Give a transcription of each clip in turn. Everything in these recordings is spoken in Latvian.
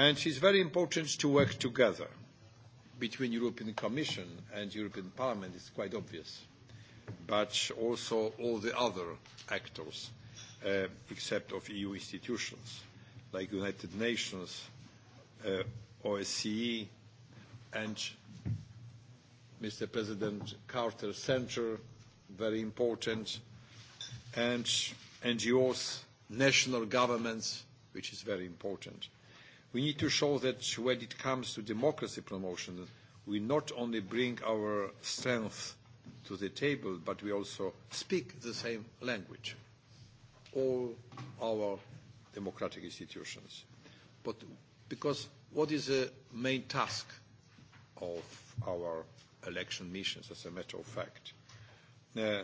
And it's very important to work together between European Commission and European Parliament. It's quite obvious. But also all the other actors, uh, except of EU institutions, like United Nations, uh, OSCE, and Mr. President Carter Center, very important, and NGOs, national governments, which is very important. We need to show that when it comes to democracy promotion, we not only bring our strength to the table, but we also speak the same language, all our democratic institutions. But because what is the main task of our election missions, as a matter of fact? Uh,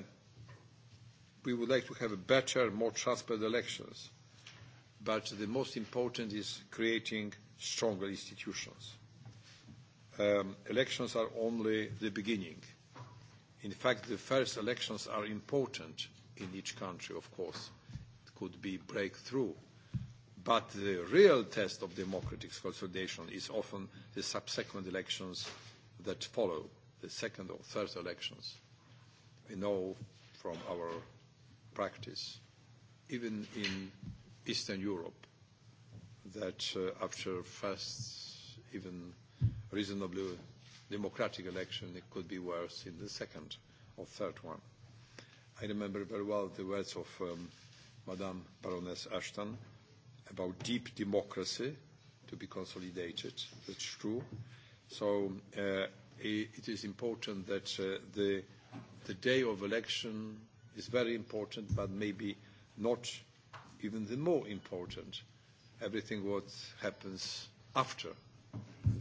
we would like to have better, more transparent elections but the most important is creating stronger institutions. Um, elections are only the beginning. In fact, the first elections are important in each country, of course. It could be breakthrough. But the real test of democratic consolidation is often the subsequent elections that follow, the second or third elections. We know from our practice, even in Eastern Europe that uh, after first even reasonably democratic election, it could be worse in the second or third one. I remember very well the words of um, Madame Baroness Ashton about deep democracy to be consolidated. That's true. So uh, it is important that uh, the, the day of election is very important, but maybe not even the more important everything what happens after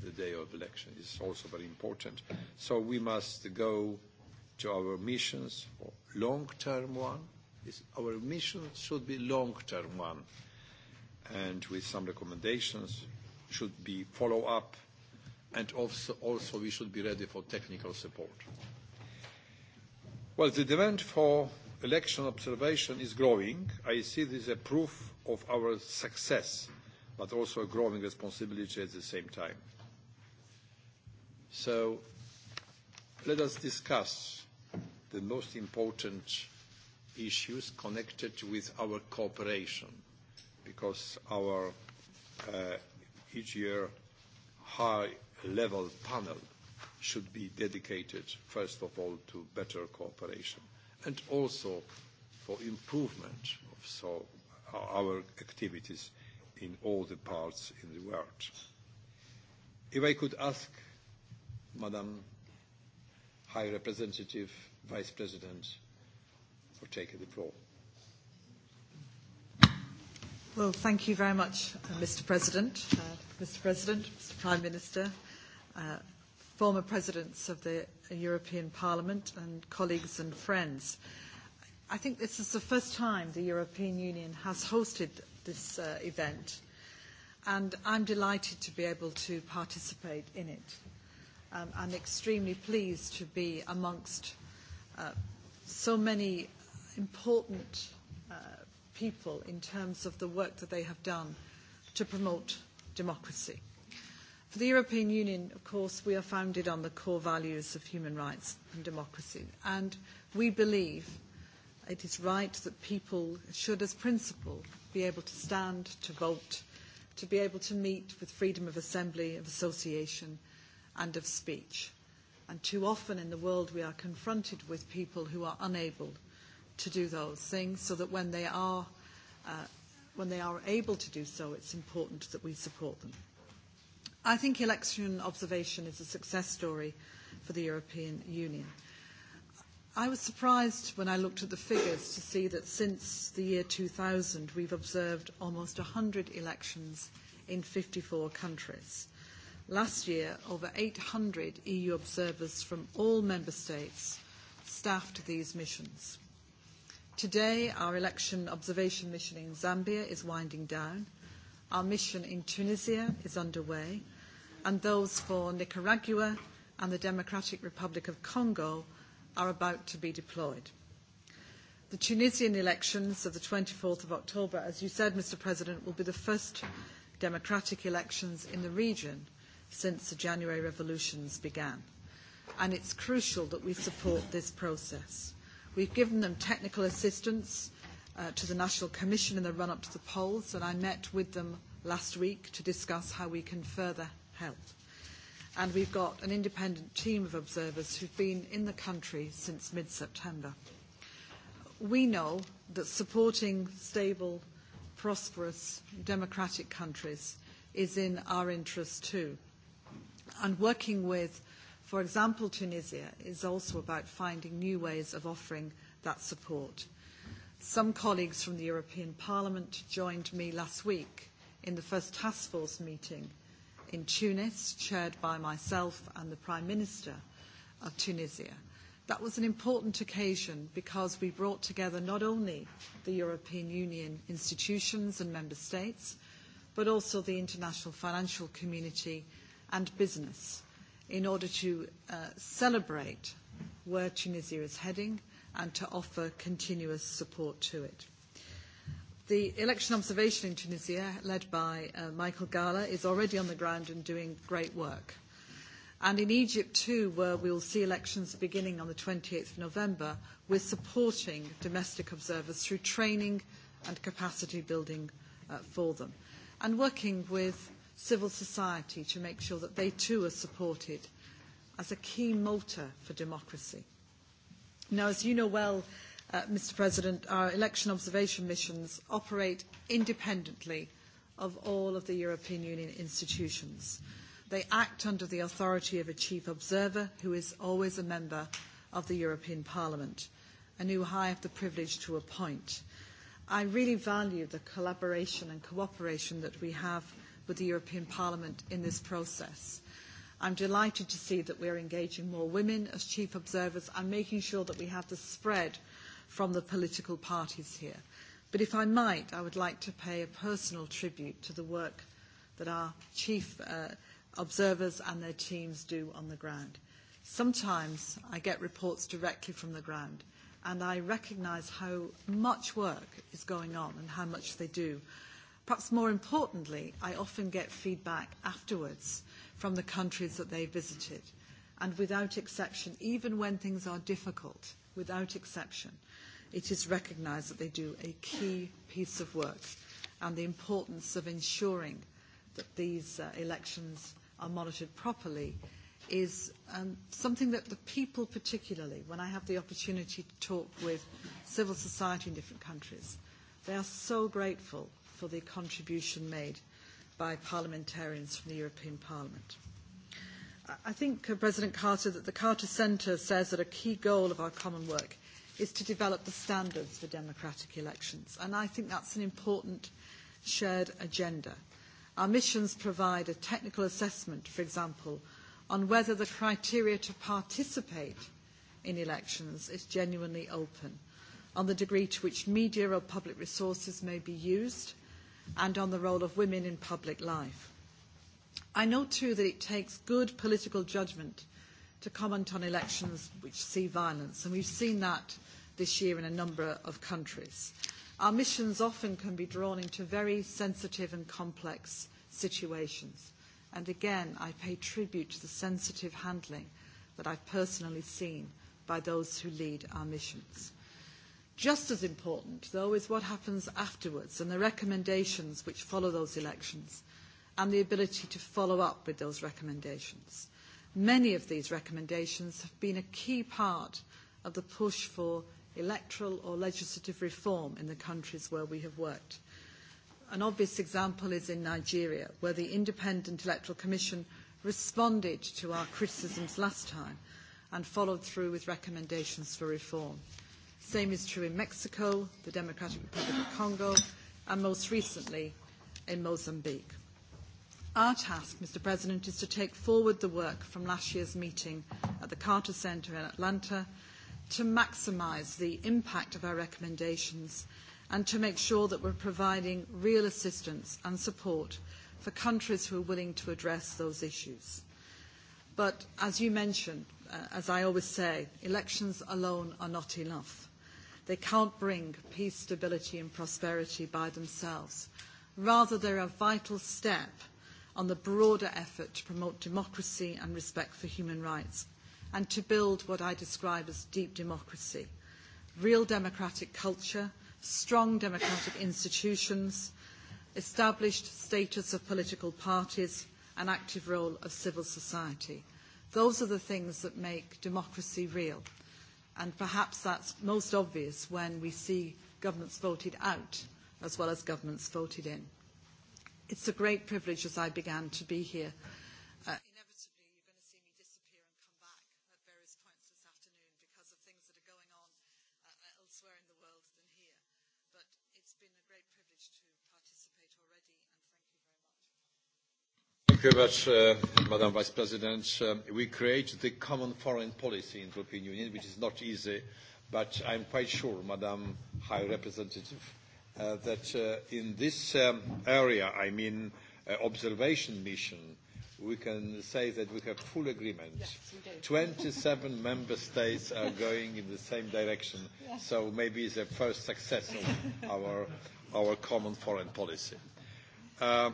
the day of election is also very important. So we must go to our missions for long-term one. It's, our mission should be long-term one, and with some recommendations should be follow-up, and also, also we should be ready for technical support. Well, the demand for election observation is growing. I see this as a proof of our success, but also a growing responsibility at the same time. So let us discuss the most important issues connected with our cooperation, because our uh, each year high-level panel should be dedicated, first of all, to better cooperation and also for improvement of so our activities in all the parts in the world. If I could ask Madam High Representative, Vice President, for taking the floor. Well, thank you very much, uh, Mr. President, uh, Mr. President, Mr. Prime Minister, uh, former presidents of the European Parliament and colleagues and friends. I think this is the first time the European Union has hosted this uh, event, and I'm delighted to be able to participate in it. Um, I'm extremely pleased to be amongst uh, so many important uh, people in terms of the work that they have done to promote democracy. Uh, For the European Union, of course, we are founded on the core values of human rights and democracy, and we believe it is right that people should, as principle, be able to stand, to vote, to be able to meet with freedom of assembly, of association, and of speech. And too often in the world, we are confronted with people who are unable to do those things, so that when they are, uh, when they are able to do so, it's important that we support them. I think election observation is a success story for the European Union. I was surprised when I looked at the figures to see that since the year 2000, we've observed almost 100 elections in 54 countries. Last year, over 800 EU observers from all member states staffed these missions. Today, our election observation mission in Zambia is winding down. Our mission in Tunisia is underway, and those for Nicaragua and the Democratic Republic of Congo are about to be deployed. The Tunisian elections of the 24th of October, as you said, Mr. President, will be the first democratic elections in the region since the January revolutions began. And it's crucial that we support this process. We've given them technical assistance uh, to the National Commission in the run-up to the polls, and I met with them last week to discuss how we can further help. And we've got an independent team of observers who've been in the country since mid-September. We know that supporting stable, prosperous, democratic countries is in our interest too. And working with, for example, Tunisia is also about finding new ways of offering that support. Some colleagues from the European Parliament joined me last week in the first task force meeting in Tunis, chaired by myself and the Prime Minister of Tunisia. That was an important occasion because we brought together not only the European Union institutions and member states, but also the international financial community and business in order to uh, celebrate where Tunisia is heading and to offer continuous support to it. The election observation in Tunisia, led by uh, Michael Gala, is already on the ground and doing great work. And in Egypt too, where we will see elections beginning on the 28th of November, we're supporting domestic observers through training and capacity building uh, for them. And working with civil society to make sure that they too are supported as a key motor for democracy. Now, as you know well, uh, Mr. President, our election observation missions operate independently of all of the European Union institutions. They act under the authority of a chief observer who is always a member of the European Parliament and who I have the privilege to appoint. I really value the collaboration and cooperation that we have with the European Parliament in this process. I'm delighted to see that we're engaging more women as chief observers and making sure that we have the spread uh, from the political parties here. But if I might, I would like to pay a personal tribute to the work that our chief uh, observers and their teams do on the ground. Sometimes I get reports directly from the ground and I recognise how much work is going on and how much they do. Perhaps more importantly, I often get feedback afterwards from the countries that they visited. And without exception, even when things are difficult, without exception, it is recognised that they do a key piece of work and the importance of ensuring that these uh, elections are monitored properly is um, something that the people particularly, when I have the opportunity to talk with civil society in different countries, they are so grateful for the contribution made by parliamentarians from the European Parliament. I think, uh, President Carter, that the Carter Centre says that a key goal of our common work is to develop the standards for democratic elections. And I think that's an important shared agenda. Our missions provide a technical assessment, for example, on whether the criteria to participate in elections is genuinely open, on the degree to which media or public resources may be used, and on the role of women in public life. I know too that it takes good political judgment to comment on elections which see violence, and we've seen that this year in a number of countries. Our missions often can be drawn into very sensitive and complex situations. And again, I pay tribute to the sensitive handling that I've personally seen by those who lead our missions. Just as important, though, is what happens afterwards and the recommendations which follow those elections and the ability to follow up with those recommendations. Many of these recommendations have been a key part of the push for electoral or legislative reform in the countries where we have worked. An obvious example is in Nigeria, where the Independent Electoral Commission responded to our criticisms last time and followed through with recommendations for reform. Same is true in Mexico, the Democratic Republic of Congo, and most recently in Mozambique. Our task, Mr President, is to take forward the work from last year's meeting at the Carter Centre in Atlanta to maximise the impact of our recommendations and to make sure that we're providing real assistance and support for countries who are willing to address those issues. But as you mentioned, uh, as I always say, elections alone are not enough. They can't bring peace, stability and prosperity by themselves. Rather, they're a vital step – on the broader effort to promote democracy and respect for human rights and to build what I describe as deep democracy, real democratic culture, strong democratic institutions, established status of political parties, and active role of civil society. Those are the things that make democracy real. And perhaps that's most obvious when we see governments voted out as well as governments voted in. It's a great privilege, as I began, to be here. Uh, Inevitably, you're going to see me disappear and come back at various points this afternoon because of things that are going on uh, elsewhere in the world than here. But it's been a great privilege to participate already, and thank you very much. Thank you very much, uh, Madam Vice President. Um, we create the common foreign policy in the European Union, which is not easy, but I'm quite sure, Madam High Representative uh, that uh, in this um, area, I mean uh, observation mission, we can say that we have full agreement. Yes, 27 member states are going in the same direction, yeah. so maybe it's the first success of our, our common foreign policy. Uh,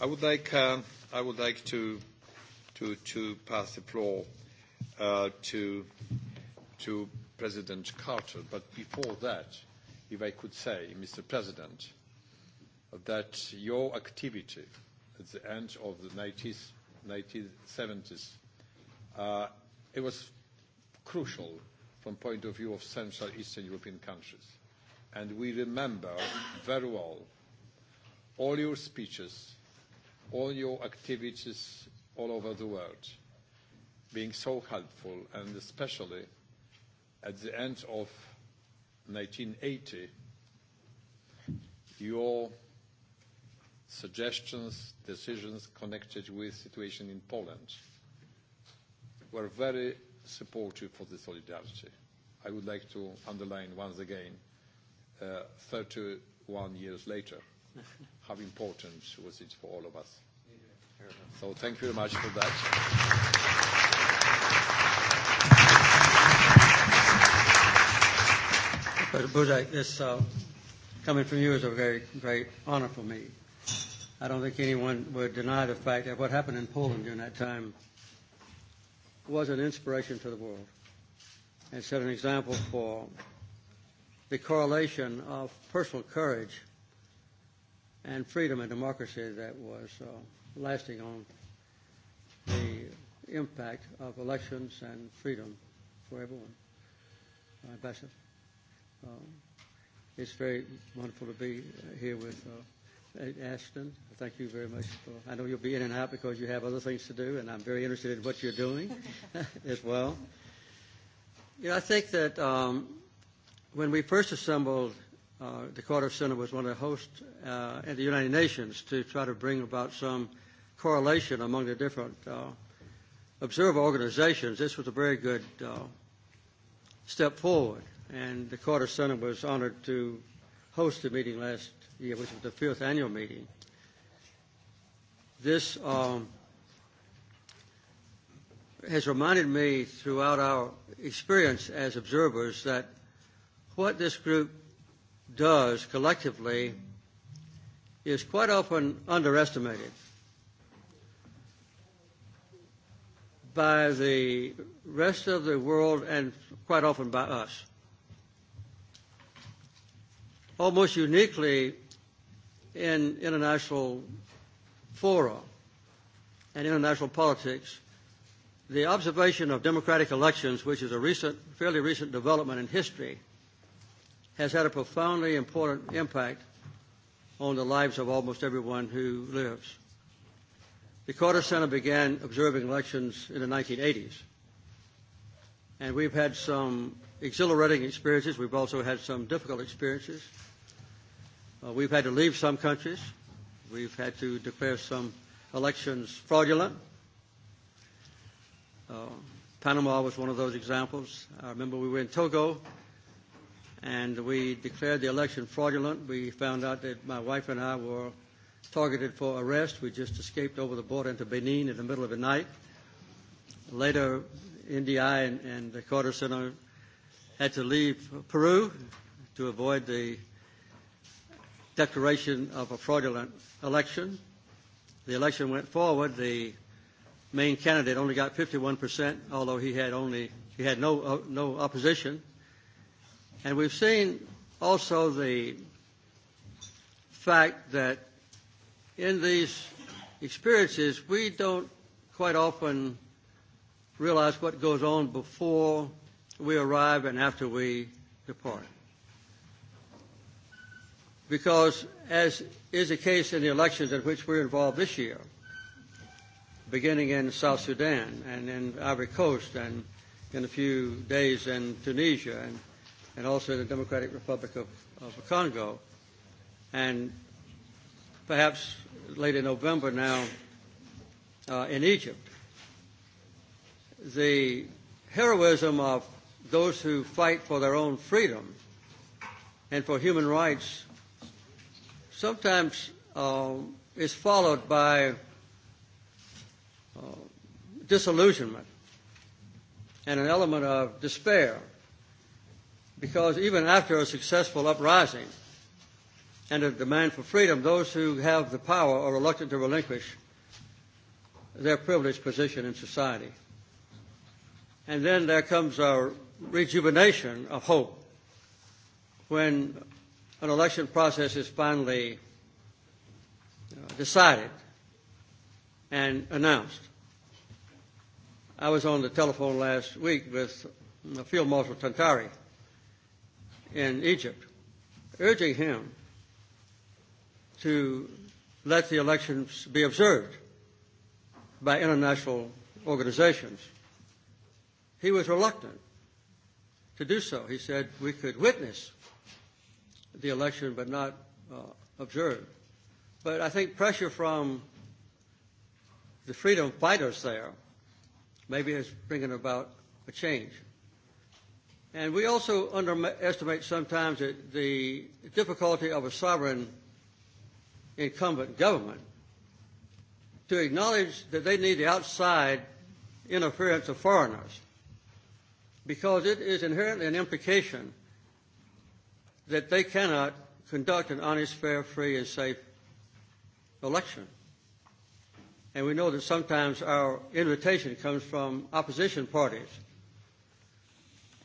I would like, uh, I would like to, to, to pass the floor uh, to, to President Carter, but before that, uh, if I could say, Mr. President, that your activity at the end of the 90s, 1970s, uh, it was crucial from point of view of Central Eastern European countries. And we remember very well all your speeches, all your activities all over the world, being so helpful, and especially at the end of 1980, your suggestions, decisions connected with situation in Poland were very supportive for the solidarity. I would like to underline once again, uh, 31 years later, how important was it for all of us. So thank you very much for that. Dr. Buzak, this uh, coming from you is a very great honor for me. I don't think anyone would deny the fact that what happened in Poland during that time was an inspiration to the world and set an example for the correlation of personal courage and freedom and democracy that was uh, lasting on the impact of elections and freedom for everyone. Uh, Ambassador. Um, it's very wonderful to be uh, here with uh, Ashton. Thank you very much. For, I know you'll be in and out because you have other things to do, and I'm very interested in what you're doing as well. You know, I think that um, when we first assembled, uh, the Carter Center was one of the hosts uh, at the United Nations to try to bring about some correlation among the different uh, observer organizations. This was a very good uh, step forward and the Carter Center was honored to host the meeting last year, which was the fifth annual meeting. This um, has reminded me throughout our experience as observers that what this group does collectively is quite often underestimated by the rest of the world and quite often by us almost uniquely in international fora and international politics, the observation of democratic elections, which is a recent, fairly recent development in history, has had a profoundly important impact on the lives of almost everyone who lives. The Carter Center began observing elections in the 1980s, and we've had some exhilarating experiences. We've also had some difficult experiences. Uh, we've had to leave some countries. We've had to declare some elections fraudulent. Uh, Panama was one of those examples. I remember we were in Togo and we declared the election fraudulent. We found out that my wife and I were targeted for arrest. We just escaped over the border into Benin in the middle of the night. Later, NDI and, and the Carter Center had to leave Peru to avoid the declaration of a fraudulent election. The election went forward. The main candidate only got 51%, although he had only he had no uh, no opposition. And we've seen also the fact that in these experiences we don't quite often realize what goes on before we arrive and after we depart because, as is the case in the elections in which we're involved this year, beginning in South Sudan and in Ivory Coast and in a few days in Tunisia and, and also in the Democratic Republic of, of the Congo, and perhaps late in November now uh, in Egypt. The heroism of those who fight for their own freedom and for human rights sometimes um, is followed by uh, disillusionment and an element of despair because even after a successful uprising and a demand for freedom, those who have the power are reluctant to relinquish their privileged position in society. And then there comes a rejuvenation of hope when an election process is finally uh, decided and announced. I was on the telephone last week with uh, Field Marshal Tantari in Egypt, urging him to let the elections be observed by international organizations. He was reluctant to do so. He said we could witness the election but not uh, observed. But I think pressure from the freedom fighters there maybe is bringing about a change. And we also underestimate sometimes that the difficulty of a sovereign incumbent government to acknowledge that they need the outside interference of foreigners because it is inherently an implication that they cannot conduct an honest, fair, free, and safe election. And we know that sometimes our invitation comes from opposition parties,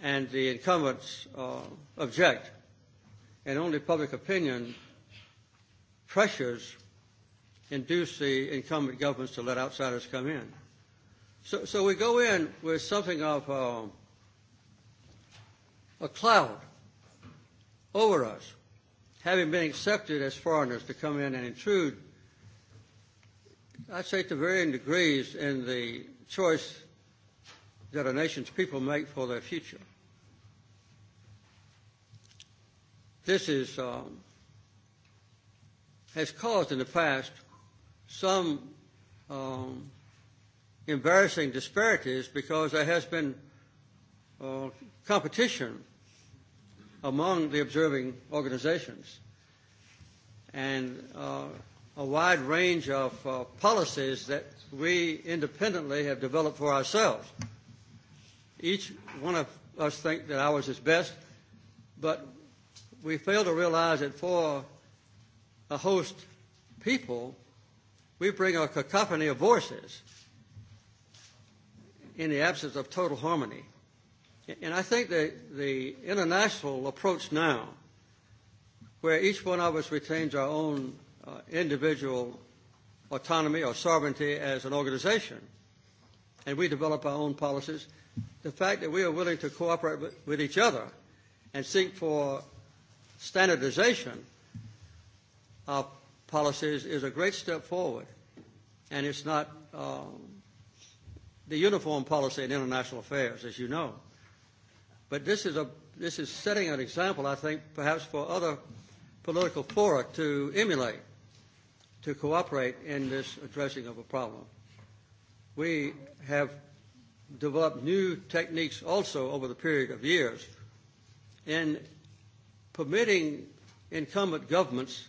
and the incumbents uh, object, and only public opinion pressures induce the incumbent governments to let outsiders come in. So, so we go in with something of uh, a cloud over us, having been accepted as foreigners to come in and intrude, I'd say to varying degrees in the choice that a nation's people make for their future. This is, um, has caused in the past some um, embarrassing disparities because there has been uh, competition among the observing organizations. And uh, a wide range of uh, policies that we independently have developed for ourselves. Each one of us think that ours is best, but we fail to realize that for a host people, we bring a cacophony of voices in the absence of total harmony. And I think the, the international approach now, where each one of us retains our own uh, individual autonomy or sovereignty as an organization, and we develop our own policies, the fact that we are willing to cooperate with, with each other and seek for standardization of policies is a great step forward. And it's not um, the uniform policy in international affairs, as you know. But this is, a, this is setting an example, I think, perhaps for other political fora to emulate, to cooperate in this addressing of a problem. We have developed new techniques also over the period of years in permitting incumbent governments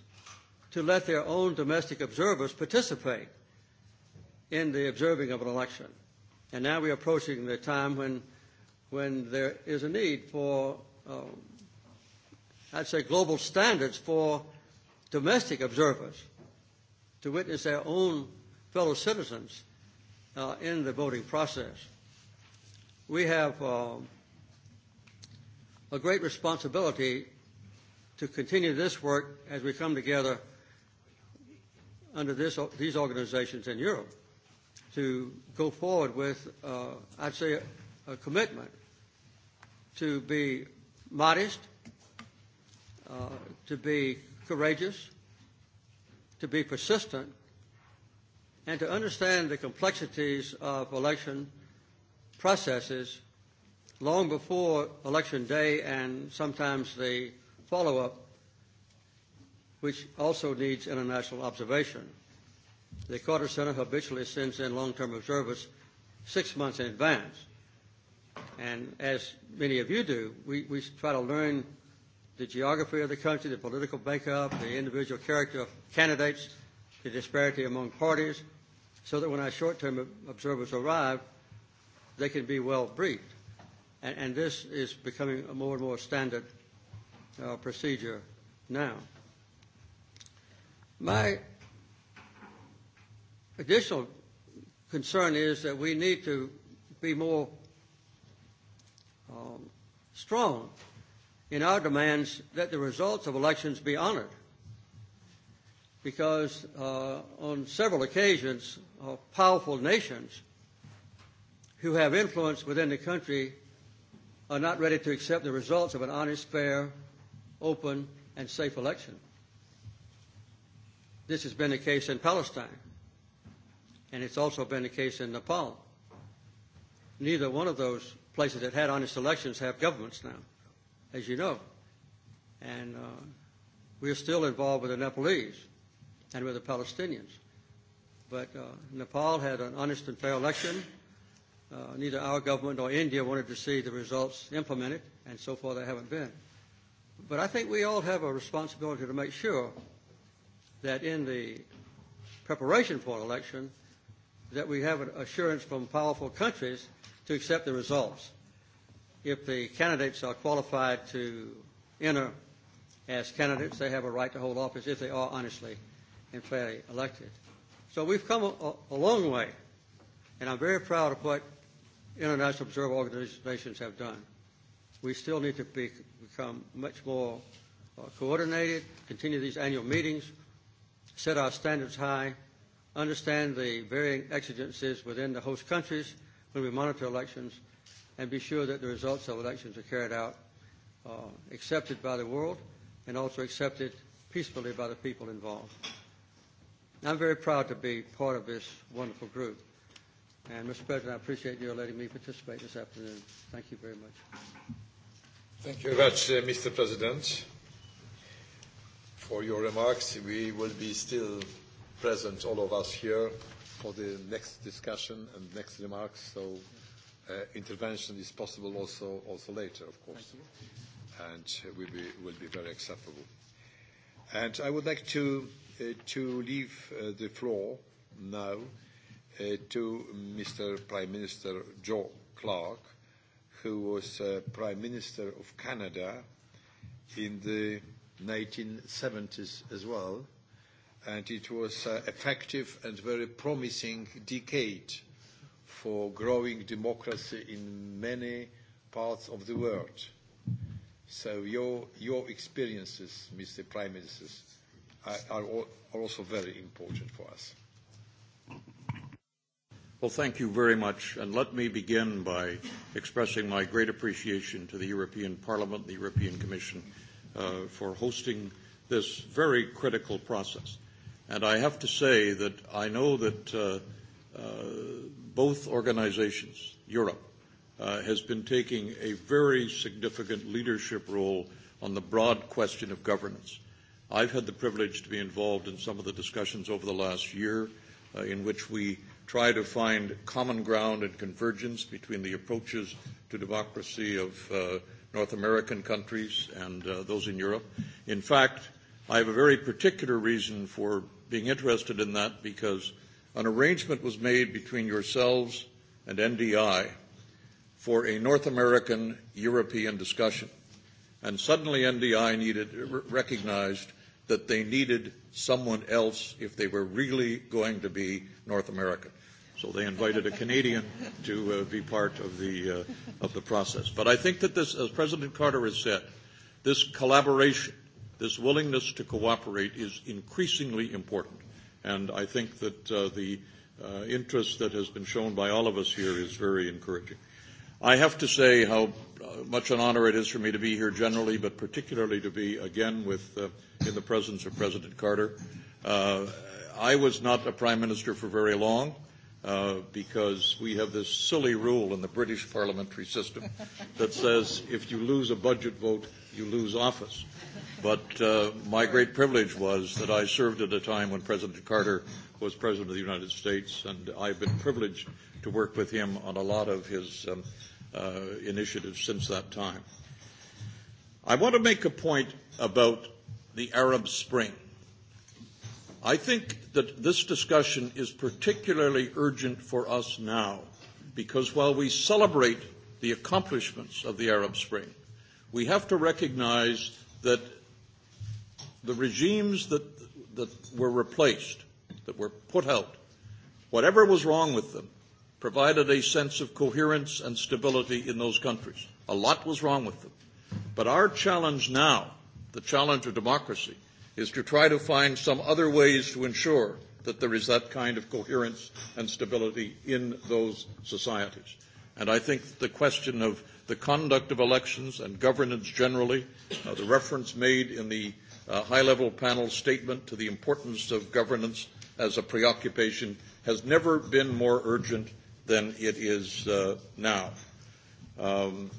to let their own domestic observers participate in the observing of an election. And now we're approaching the time when when there is a need for, um, I'd say, global standards for domestic observers to witness their own fellow citizens uh, in the voting process. We have um, a great responsibility to continue this work as we come together under this, these organizations in Europe to go forward with, uh, I'd say, a, a commitment to be modest, uh, to be courageous, to be persistent, and to understand the complexities of election processes long before election day and sometimes the follow-up, which also needs international observation. The Carter Center habitually sends in long-term observers six months in advance. And as many of you do, we, we try to learn the geography of the country, the political makeup, the individual character of candidates, the disparity among parties, so that when our short-term observers arrive, they can be well briefed. And, and this is becoming a more and more standard uh, procedure now. My additional concern is that we need to be more um, strong in our demands that the results of elections be honored. Because uh, on several occasions, uh, powerful nations who have influence within the country are not ready to accept the results of an honest, fair, open, and safe election. This has been the case in Palestine, and it's also been the case in Nepal. Neither one of those places that had honest elections have governments now, as you know. And uh, we're still involved with the Nepalese and with the Palestinians. But uh, Nepal had an honest and fair election. Uh, neither our government nor India wanted to see the results implemented, and so far they haven't been. But I think we all have a responsibility to make sure that in the preparation for an election, that we have an assurance from powerful countries to accept the results if the candidates are qualified to enter as candidates, they have a right to hold office if they are honestly and fairly elected. So we've come a, a long way, and I'm very proud of what international observer organizations have done. We still need to be, become much more uh, coordinated, continue these annual meetings, set our standards high, understand the varying exigencies within the host countries, when we monitor elections and be sure that the results of elections are carried out, uh, accepted by the world and also accepted peacefully by the people involved. I'm very proud to be part of this wonderful group. And Mr. President, I appreciate your letting me participate this afternoon. Thank you very much. Thank you very much, uh, Mr. President, for your remarks. We will be still present, all of us here, for the next discussion and next remarks, so uh, intervention is possible also, also later, of course. Thank you. And will be, will be very acceptable. And I would like to, uh, to leave uh, the floor now uh, to Mr. Prime Minister Joe Clark, who was uh, Prime Minister of Canada in the 1970s as well. Uh, and it was an effective and very promising decade for growing democracy in many parts of the world. So your, your experiences, Mr. Prime Minister, are, are also very important for us. Well, thank you very much. And let me begin by expressing my great appreciation to the European Parliament, the European Commission, uh, for hosting this very critical process. And I have to say that I know that uh, uh, both organizations, Europe, uh, has been taking a very significant leadership role on the broad question of governance. I've had the privilege to be involved in some of the discussions over the last year uh, in which we try to find common ground and convergence between the approaches to democracy of uh, North American countries and uh, those in Europe. In fact, uh, I have a very particular reason for being interested in that because an arrangement was made between yourselves and NDI for a North American European discussion. And suddenly NDI needed, recognized that they needed someone else if they were really going to be North American. So they invited a Canadian to uh, be part of the, uh, of the process. But I think that this, as President Carter has said, this collaboration this willingness to cooperate is increasingly important. And I think that uh, the uh, interest that has been shown by all of us here is very encouraging. I have to say how uh, much an honor it is for me to be here generally, but particularly to be again with, uh, in the presence of President Carter. Uh, I was not a prime minister for very long. Uh, because we have this silly rule in the British parliamentary system that says if you lose a budget vote, you lose office. But uh, my great privilege was that I served at a time when President Carter was President of the United States, and I've been privileged to work with him on a lot of his um, uh, initiatives since that time. I want to make a point about the Arab Spring. I think that this discussion is particularly urgent for us now because while we celebrate the accomplishments of the Arab Spring, we have to recognize that the regimes that, that were replaced, that were put out, whatever was wrong with them, provided a sense of coherence and stability in those countries. A lot was wrong with them. But our challenge now, the challenge of democracy, is to try to find some other ways to ensure that there is that kind of coherence and stability in those societies. And I think the question of the conduct of elections and governance generally, uh, the reference made in the uh, high-level panel statement to the importance of governance as a preoccupation has never been more urgent than it is uh, now. Um,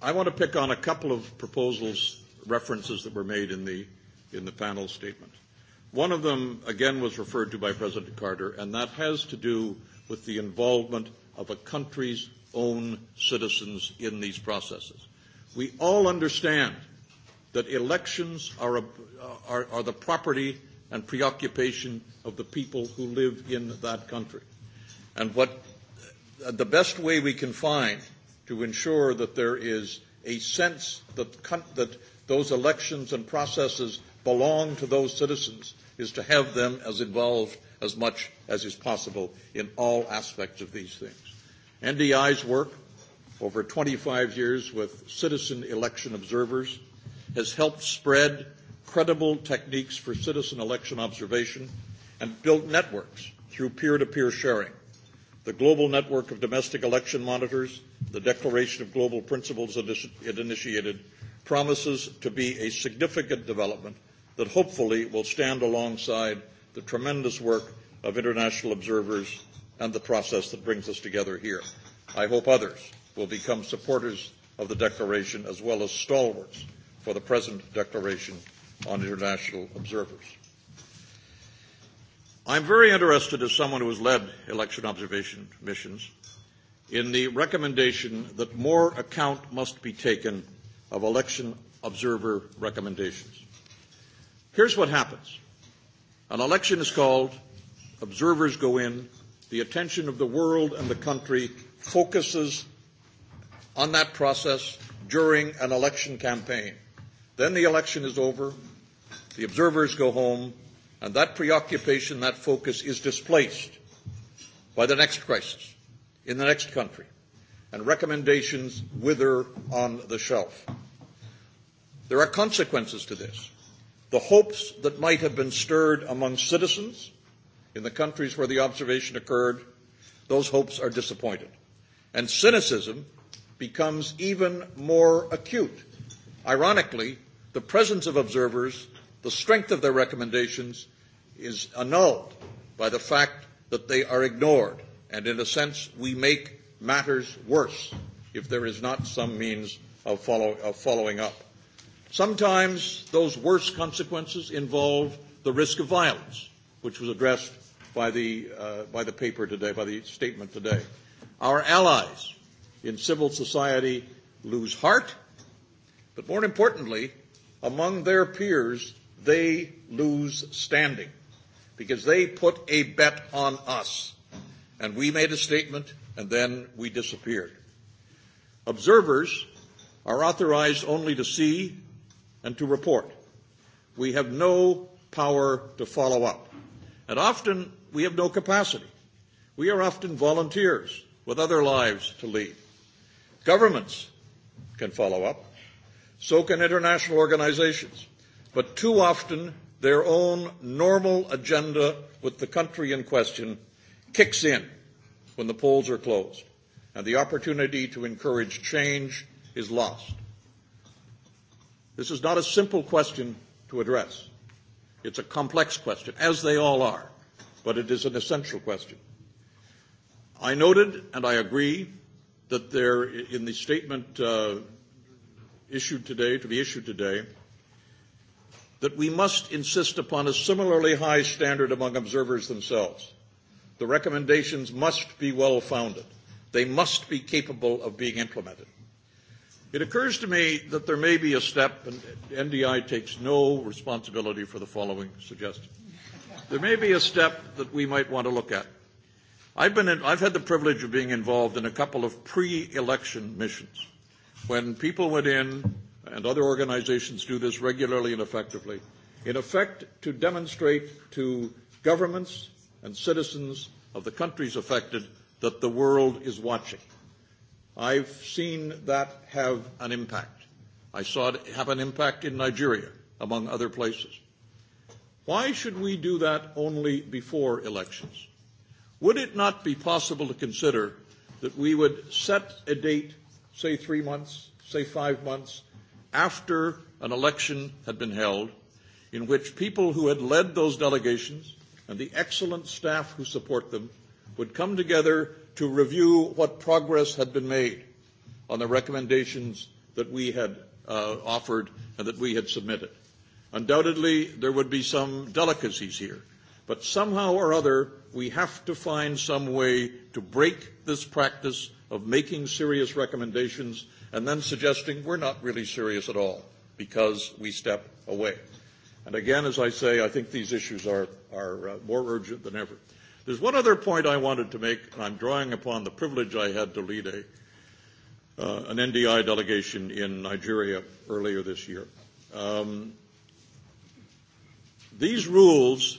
I want to pick on a couple of proposals, references that were made in the, in the panel statement. One of them, again, was referred to by President Carter, and that has to do with the involvement of a country's own citizens in these processes. We all understand that elections are, a, are, are the property and preoccupation of the people who live in that country. And what uh, the best way we can find to ensure that there is a sense that, that those elections and processes belong to those citizens is to have them as involved as much as is possible in all aspects of these things. NDI's work over 25 years with citizen election observers has helped spread credible techniques for citizen election observation and built networks through peer-to-peer -peer sharing. The Global Network of Domestic Election Monitors, the Declaration of Global Principles it initiated, promises to be a significant development that hopefully will stand alongside the tremendous work of international observers and the process that brings us together here. I hope others will become supporters of the Declaration as well as stalwarts for the present Declaration on International Observers. I'm very interested, as someone who has led election observation missions, in the recommendation that more account must be taken of election observer recommendations. Here's what happens an election is called, observers go in, the attention of the world and the country focuses on that process during an election campaign. Then the election is over, the observers go home, and that preoccupation, that focus is displaced by the next crisis in the next country, and recommendations wither on the shelf. There are consequences to this. The hopes that might have been stirred among citizens in the countries where the observation occurred, those hopes are disappointed. And cynicism becomes even more acute. Ironically, the presence of observers, the strength of their recommendations, is annulled by the fact that they are ignored. And in a sense, we make matters worse if there is not some means of, follow, of following up. Sometimes those worse consequences involve the risk of violence, which was addressed by the, uh, by the paper today, by the statement today. Our allies in civil society lose heart, but more importantly, among their peers, they lose standing because they put a bet on us. And we made a statement and then we disappeared. Observers are authorized only to see and to report. We have no power to follow up. And often we have no capacity. We are often volunteers with other lives to lead. Governments can follow up. So can international organizations. But too often, their own normal agenda with the country in question kicks in when the polls are closed, and the opportunity to encourage change is lost. This is not a simple question to address. It's a complex question, as they all are, but it is an essential question. I noted, and I agree, that there, in the statement uh, issued today, to be issued today, that we must insist upon a similarly high standard among observers themselves. The recommendations must be well founded. They must be capable of being implemented. It occurs to me that there may be a step, and NDI takes no responsibility for the following suggestion. There may be a step that we might want to look at. I've, been in, I've had the privilege of being involved in a couple of pre-election missions. When people went in, and other organizations do this regularly and effectively, in effect to demonstrate to governments and citizens of the countries affected that the world is watching. I've seen that have an impact. I saw it have an impact in Nigeria, among other places. Why should we do that only before elections? Would it not be possible to consider that we would set a date, say three months, say five months, after an election had been held, in which people who had led those delegations and the excellent staff who support them would come together to review what progress had been made on the recommendations that we had uh, offered and that we had submitted. Undoubtedly, there would be some delicacies here. But somehow or other, we have to find some way to break this practice of making serious recommendations and then suggesting we're not really serious at all because we step away. And again, as I say, I think these issues are, are uh, more urgent than ever. There's one other point I wanted to make, and I'm drawing upon the privilege I had to lead a, uh, an NDI delegation in Nigeria earlier this year. Um, these rules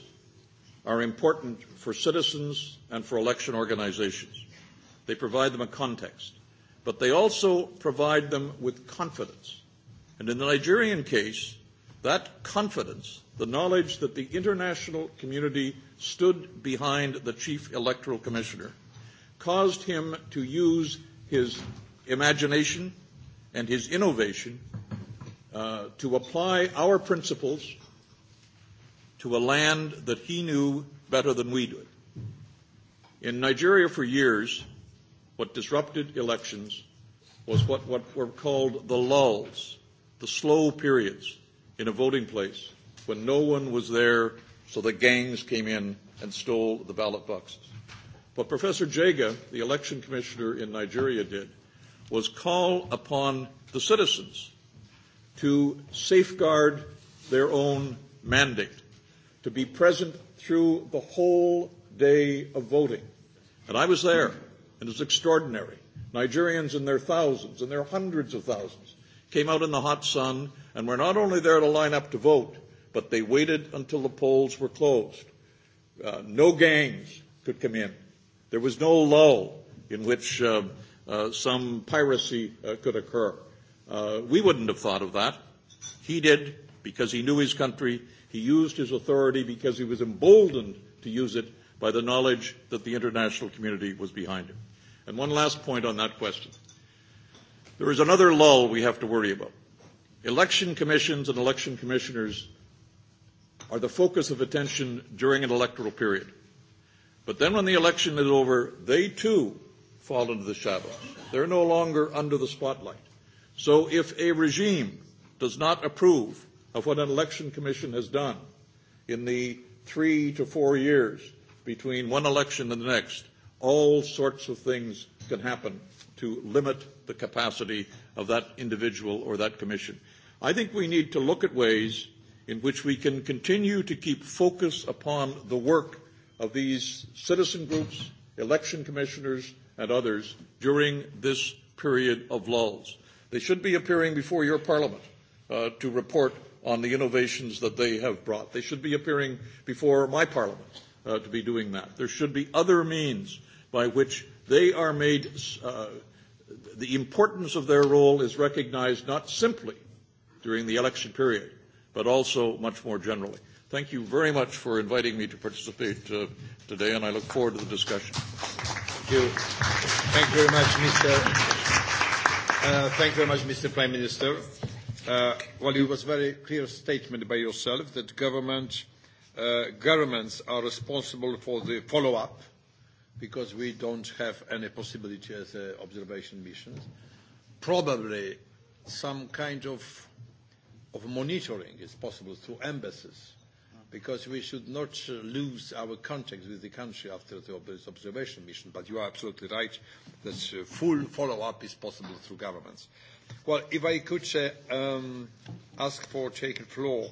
are important for citizens and for election organizations. They provide them a context, but they also provide them with confidence. And in the Nigerian case, that confidence, the knowledge that the international community stood behind the chief electoral commissioner, caused him to use his imagination and his innovation uh, to apply our principles to a land that he knew better than we did. In Nigeria for years, what disrupted elections was what, what were called the lulls, the slow periods in a voting place when no one was there, so the gangs came in and stole the ballot boxes. What Professor Jaga, the election commissioner in Nigeria, did was call upon the citizens to safeguard their own mandate to be present through the whole day of voting. And I was there, and it's extraordinary. Nigerians in their thousands and their hundreds of thousands came out in the hot sun and were not only there to line up to vote, but they waited until the polls were closed. Uh, no gangs could come in. There was no lull in which uh, uh, some piracy uh, could occur. Uh, we wouldn't have thought of that. He did because he knew his country He used his authority because he was emboldened to use it by the knowledge that the international community was behind him. And one last point on that question. There is another lull we have to worry about. Election commissions and election commissioners are the focus of attention during an electoral period. But then when the election is over, they too fall into the shadows. They're no longer under the spotlight. So if a regime does not approve of what an election commission has done in the three to four years between one election and the next, all sorts of things can happen to limit the capacity of that individual or that commission. I think we need to look at ways in which we can continue to keep focus upon the work of these citizen groups, election commissioners, and others during this period of lulls. They should be appearing before your parliament uh, to report on the innovations that they have brought. They should be appearing before my parliament uh, to be doing that. There should be other means by which they are made, uh, the importance of their role is recognized not simply during the election period, but also much more generally. Thank you very much for inviting me to participate uh, today, and I look forward to the discussion. Thank you. Thank you very much, Mr. Uh, thank you very much, Mr. Prime Minister. Uh, well, it was a very clear statement by yourself that government, uh, governments are responsible for the follow-up because we don't have any possibility as uh, observation missions. Probably some kind of, of monitoring is possible through embassies because we should not uh, lose our contact with the country after the observation mission. But you are absolutely right that uh, full follow-up is possible through governments. Uh, Well, if I could uh, um, ask for taking floor,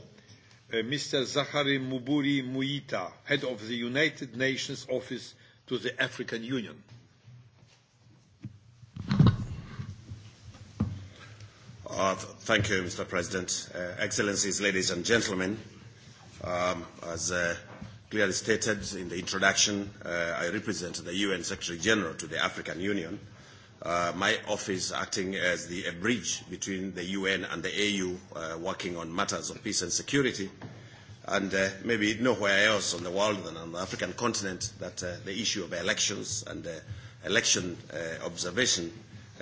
uh, Mr. Zachary Muburi Muita, head of the United Nations Office to the African Union. Uh, thank you, Mr. President. Uh, Excellencies, ladies and gentlemen, um, as uh, clearly stated in the introduction, uh, I represent the UN Secretary General to the African Union. Uh, uh, my office acting as the a bridge between the UN and the AU uh, working on matters of peace and security. And uh, maybe nowhere else on the world than on the African continent that uh, the issue of elections and uh, election uh, observation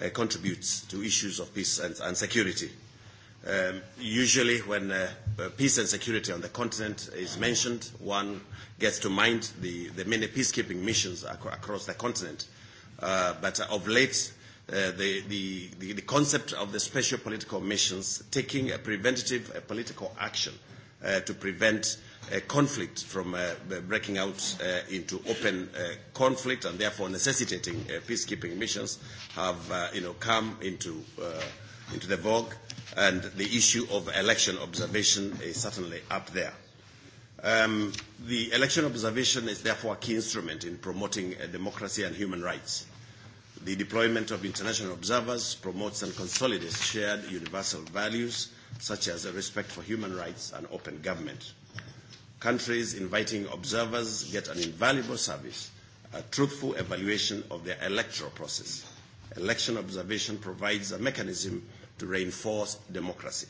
uh, contributes to issues of peace and, and security. Um, usually when uh, uh peace and security on the continent is mentioned, one gets to mind the, the many peacekeeping missions ac across the continent Uh, but of late, uh, the, the, the, the concept of the special political missions taking a preventative uh, political action uh, to prevent uh, conflict from uh, breaking out uh, into open uh, conflict and therefore necessitating uh, peacekeeping missions have uh, you know, come into, uh, into the vogue and the issue of election observation is certainly up there. Um, the election observation is therefore a key instrument in promoting uh, democracy and human rights. The deployment of international observers promotes and consolidates shared universal values such as respect for human rights and open government. Countries inviting observers get an invaluable service, a truthful evaluation of their electoral process. Election observation provides a mechanism to reinforce democracy.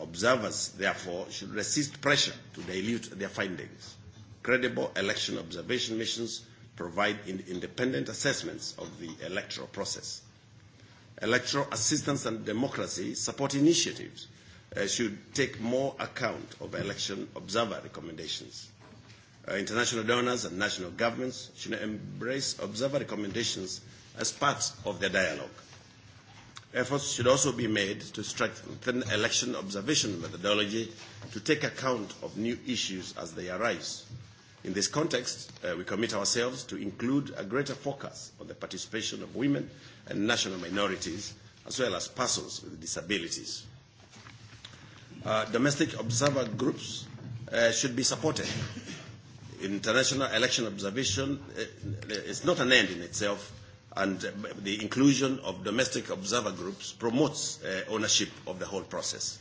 Observers, therefore, should resist pressure to dilute their findings. Credible election observation missions provide in independent assessments of the electoral process. Electoral assistance and democracy support initiatives uh, should take more account of election observer recommendations. Uh, international donors and national governments should embrace observer recommendations as part of their dialogue Efforts should also be made to strengthen election observation methodology to take account of new issues as they arise. In this context, uh, we commit ourselves to include a greater focus on the participation of women and national minorities, as well as persons with disabilities. Uh, domestic observer groups uh, should be supported. International election observation uh, is not an end in itself, and uh, the inclusion of domestic observer groups promotes uh, ownership of the whole process.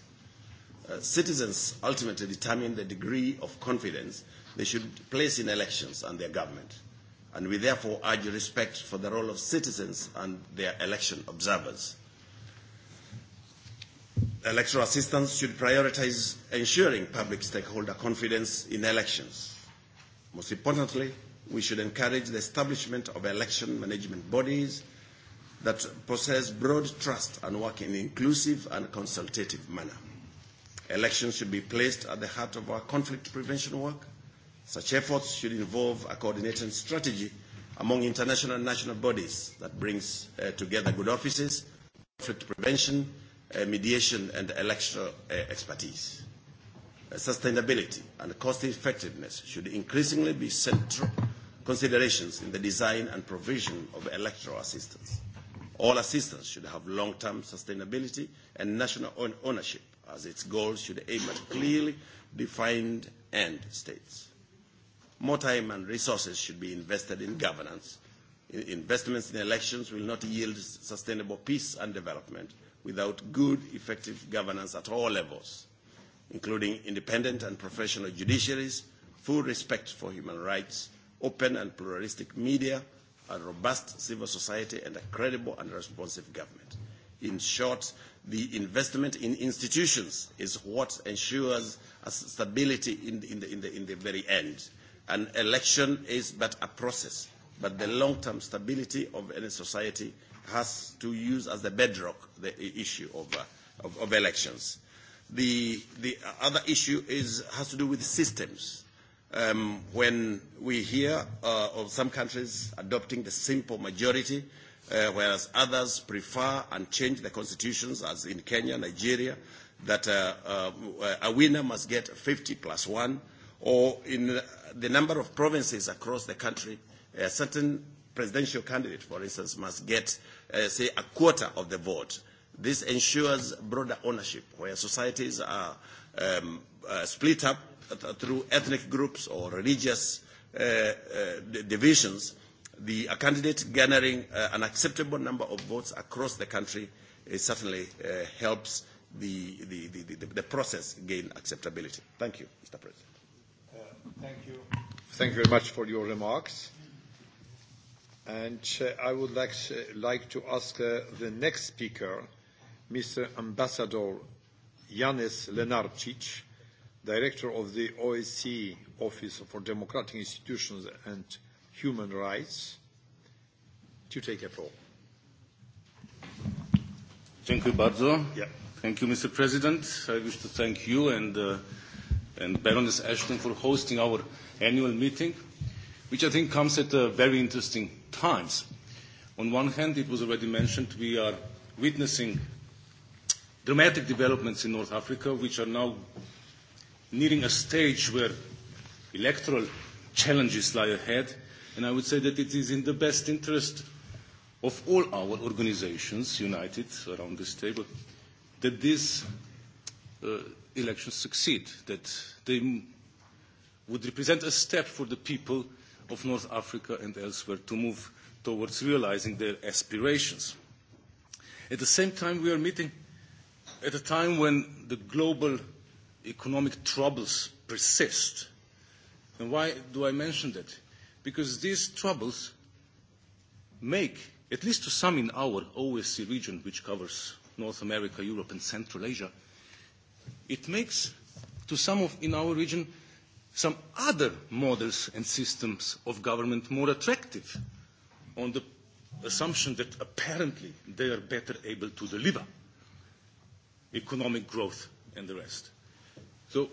Uh, citizens ultimately determine the degree of confidence they should place in elections and their government, and we therefore urge respect for the role of citizens and their election observers. Electoral assistance should prioritize ensuring public stakeholder confidence in elections. Most importantly, we should encourage the establishment of election management bodies that possess broad trust and work in an inclusive and consultative manner. Elections should be placed at the heart of our conflict prevention work. Such efforts should involve a coordinated strategy among international and national bodies that brings uh, together good offices, conflict prevention, uh, mediation and electoral uh, expertise. Uh, sustainability and cost effectiveness should increasingly be central considerations in the design and provision of electoral assistance. All assistance should have long-term sustainability and national own ownership, as its goals should aim at clearly defined end states. More time and resources should be invested in governance. Investments in elections will not yield sustainable peace and development without good, effective governance at all levels, including independent and professional judiciaries, full respect for human rights, open and pluralistic media, a robust civil society, and a credible and responsive government. In short, the investment in institutions is what ensures a stability in, in, the, in, the, in the very end. An election is but a process, but the long-term stability of any society has to use as the bedrock the issue of, uh, of, of elections. The, the other issue is, has to do with systems um, when we hear uh, of some countries adopting the simple majority, uh, whereas others prefer and change the constitutions, as in Kenya, Nigeria, that uh, uh, a winner must get 50 plus one, or in the number of provinces across the country, a certain presidential candidate, for instance, must get, uh, say, a quarter of the vote. This ensures broader ownership, where societies are um, uh, split up Uh, uh, through ethnic groups or religious uh, uh, divisions, the, a candidate garnering uh, an acceptable number of votes across the country uh, certainly uh, helps the, the, the, the, the process gain acceptability. Thank you, Mr. President. Uh, thank you. Thank you very much for your remarks. And uh, I would like, uh, like to ask uh, the next speaker, Mr. Ambassador Yanis Lenarcic, director of the OSCE Office for Democratic Institutions and Human Rights, to take a floor. Thank you, Bardzo. Yeah. Thank you, Mr. President. I wish to thank you and, uh, and Baroness Ashton for hosting our annual meeting, which I think comes at uh, very interesting times. On one hand, it was already mentioned, we are witnessing dramatic developments in North Africa, which are now nearing a stage where electoral challenges lie ahead, and I would say that it is in the best interest of all our organizations united around this table that these uh, elections succeed, that they would represent a step for the people of North Africa and elsewhere to move towards realizing their aspirations. At the same time, we are meeting at a time when the global economic troubles persist. And why do I mention that? Because these troubles make, at least to some in our OSC region, which covers North America, Europe, and Central Asia, it makes to some of in our region some other models and systems of government more attractive on the assumption that apparently they are better able to deliver economic growth and the rest. So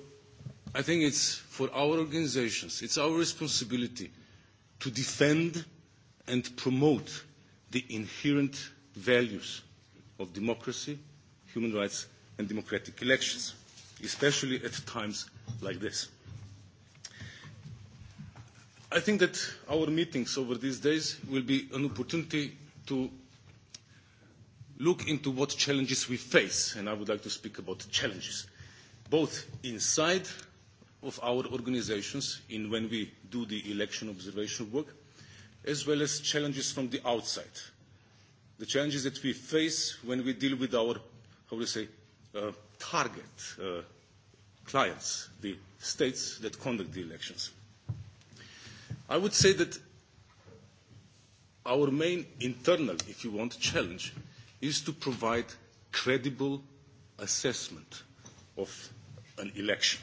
I think it's for our organizations, it's our responsibility to defend and promote the inherent values of democracy, human rights, and democratic elections, especially at times like this. I think that our meetings over these days will be an opportunity to look into what challenges we face, and I would like to speak about challenges both inside of our organizations in when we do the election observation work, as well as challenges from the outside. The challenges that we face when we deal with our, how do you say, uh, target uh, clients, the states that conduct the elections. I would say that our main internal, if you want, challenge is to provide credible assessment of an election.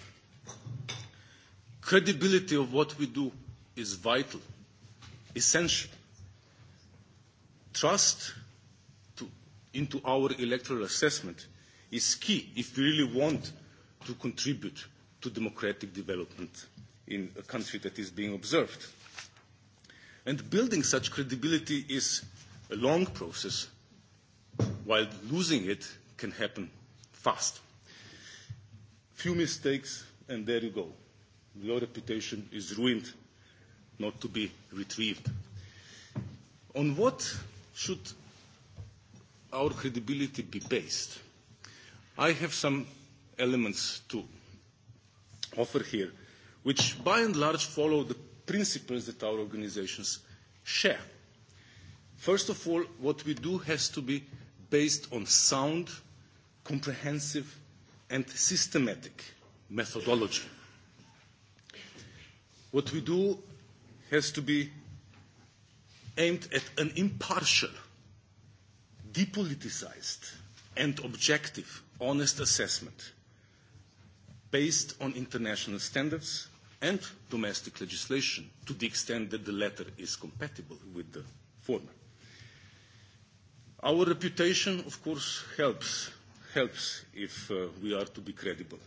Credibility of what we do is vital, essential. Trust to, into our electoral assessment is key if we really want to contribute to democratic development in a country that is being observed. And building such credibility is a long process, while losing it can happen fast. Few mistakes, and there you go. Your reputation is ruined, not to be retrieved. On what should our credibility be based? I have some elements to offer here, which by and large follow the principles that our organizations share. First of all, what we do has to be based on sound, comprehensive and systematic methodology. What we do has to be aimed at an impartial, depoliticized, and objective, honest assessment based on international standards and domestic legislation to the extent that the latter is compatible with the former. Our reputation, of course, helps helps if uh, we are to be credible.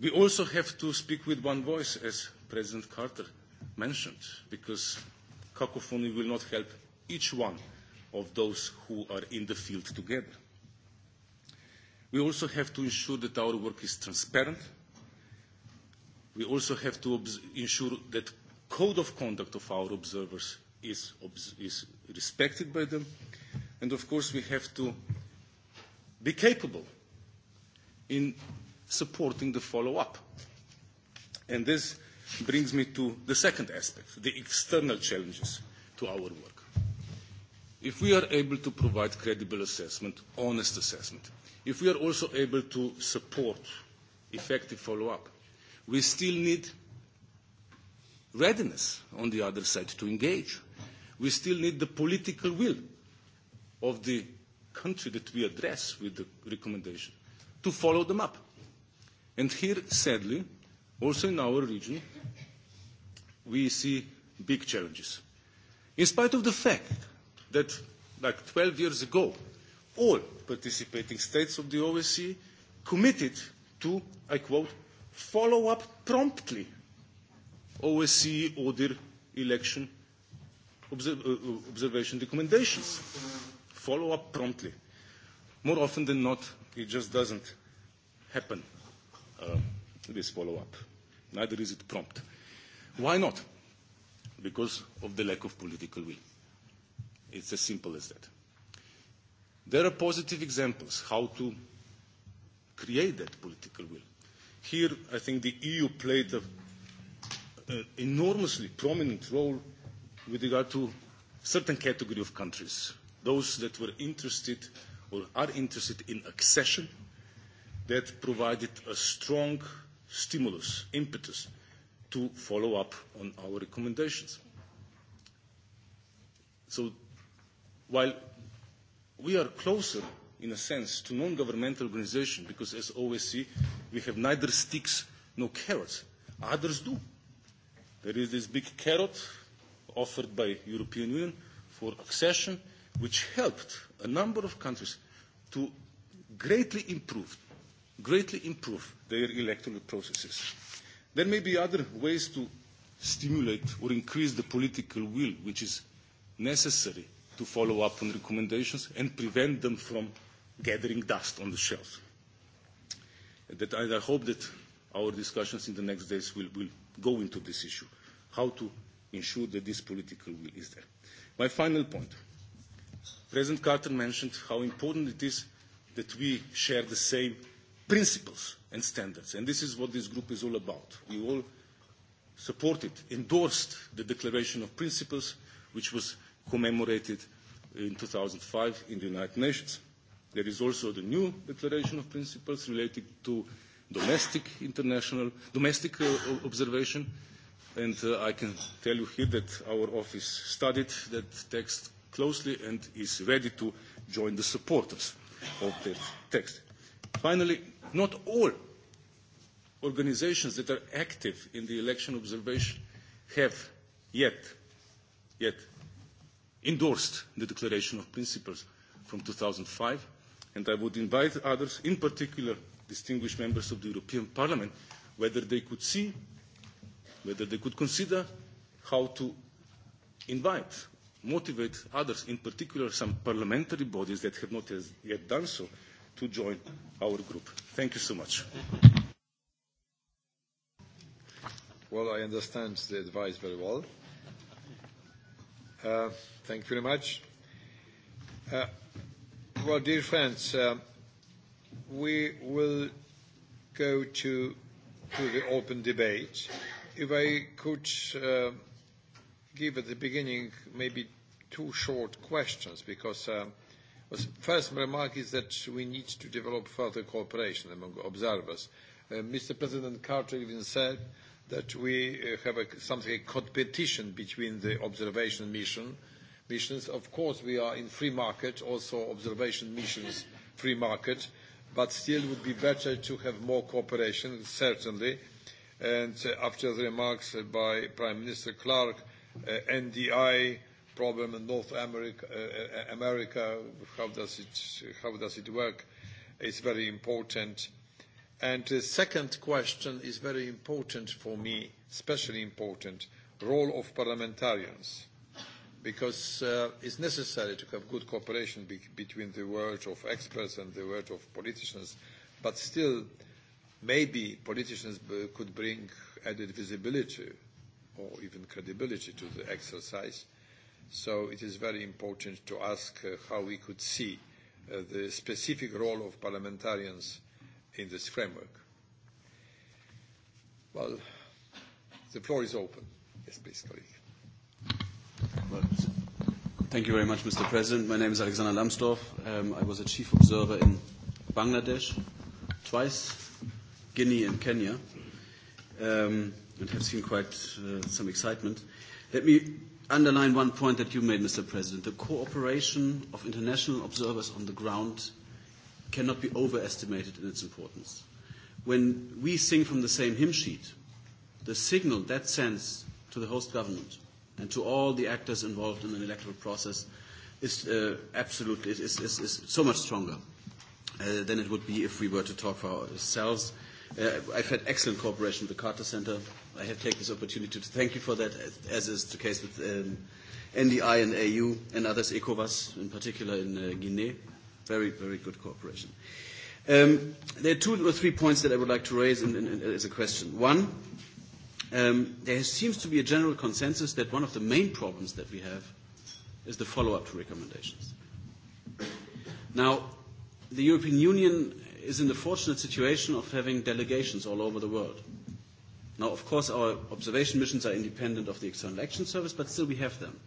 We also have to speak with one voice, as President Carter mentioned, because cacophony will not help each one of those who are in the field together. We also have to ensure that our work is transparent. We also have to ensure that code of conduct of our observers is, is respected by them. And of course, we have to be capable in supporting the follow-up. And this brings me to the second aspect, the external challenges to our work. If we are able to provide credible assessment, honest assessment, if we are also able to support effective follow-up, we still need readiness on the other side to engage. We still need the political will of the country that we address with the recommendation to follow them up. And here, sadly, also in our region, we see big challenges. In spite of the fact that, like 12 years ago, all participating states of the OSCE committed to, I quote, follow up promptly OSCE order election observ- uh, observation recommendations follow up promptly. More often than not, it just doesn't happen, uh, this follow up. Neither is it prompt. Why not? Because of the lack of political will. It's as simple as that. There are positive examples how to create that political will. Here, I think the EU played an enormously prominent role with regard to certain category of countries, those that were interested or are interested in accession that provided a strong stimulus, impetus to follow up on our recommendations. So while we are closer, in a sense, to non-governmental organizations, because as OSCE, we have neither sticks nor carrots. Others do. There is this big carrot offered by European Union for accession, which helped a number of countries to greatly improve, greatly improve their electoral processes. There may be other ways to stimulate or increase the political will which is necessary to follow up on recommendations and prevent them from gathering dust on the shelf. That, and I hope that our discussions in the next days will, will go into this issue, how to ensure that this political will is there. My final point. Uh, President Carter mentioned how important it is that we share the same principles and standards. And this is what this group is all about. We all supported, endorsed the Declaration of Principles, which was commemorated in 2005 in the United Nations. There is also the new Declaration of Principles related to domestic international, domestic uh, observation. And uh, I can tell you here that our office studied that text closely and is ready to join the supporters of that text. Finally, not all organizations that are active in the election observation have yet, yet endorsed the Declaration of Principles from 2005, and I would invite others, in particular distinguished members of the European Parliament, whether they could see, whether they could consider how to invite motivate others, in particular some parliamentary bodies that have not as yet done so, to join our group. Thank you so much. Well, I understand the advice very well. Uh, thank you very much. Uh, well, dear friends, uh, we will go to, to the open debate. If I could uh, give at the beginning maybe two short questions because um, first remark is that we need to develop further cooperation among observers. Uh, Mr. President Carter even said that we uh, have a, something a competition between the observation mission missions. Of course, we are in free market, also observation missions free market, but still would be better to have more cooperation, certainly. And uh, after the remarks by Prime Minister Clark, uh, NDI problem in North America, uh, uh, America how, does it, how does it work, is very important. And the second question is very important for me, especially important, role of parliamentarians, because uh, it's necessary to have good cooperation be between the world of experts and the world of politicians, but still maybe politicians could bring added visibility or even credibility to the exercise So it is very important to ask uh, how we could see uh, the specific role of parliamentarians in this framework. Well, the floor is open. Yes, please, colleague. Well, thank you very much, Mr. President. My name is Alexander Lambsdorff. Um, I was a chief observer in Bangladesh twice, Guinea and Kenya, um, and have seen quite uh, some excitement. Let me underline one point that you made, Mr. President. The cooperation of international observers on the ground cannot be overestimated in its importance. When we sing from the same hymn sheet, the signal that sends to the host government and to all the actors involved in an electoral process is uh, absolutely is, is, is so much stronger uh, than it would be if we were to talk for ourselves. Uh, I've had excellent cooperation with the Carter Center I have taken this opportunity to thank you for that, as is the case with um, NDI and AU and others, ECOWAS in particular in uh, Guinea. Very, very good cooperation. Um, there are two or three points that I would like to raise in, in, in, as a question. One, um, there seems to be a general consensus that one of the main problems that we have is the follow-up to recommendations. Now, the European Union is in the fortunate situation of having delegations all over the world. Now, of course, our observation missions are independent of the External Action Service, but still we have them.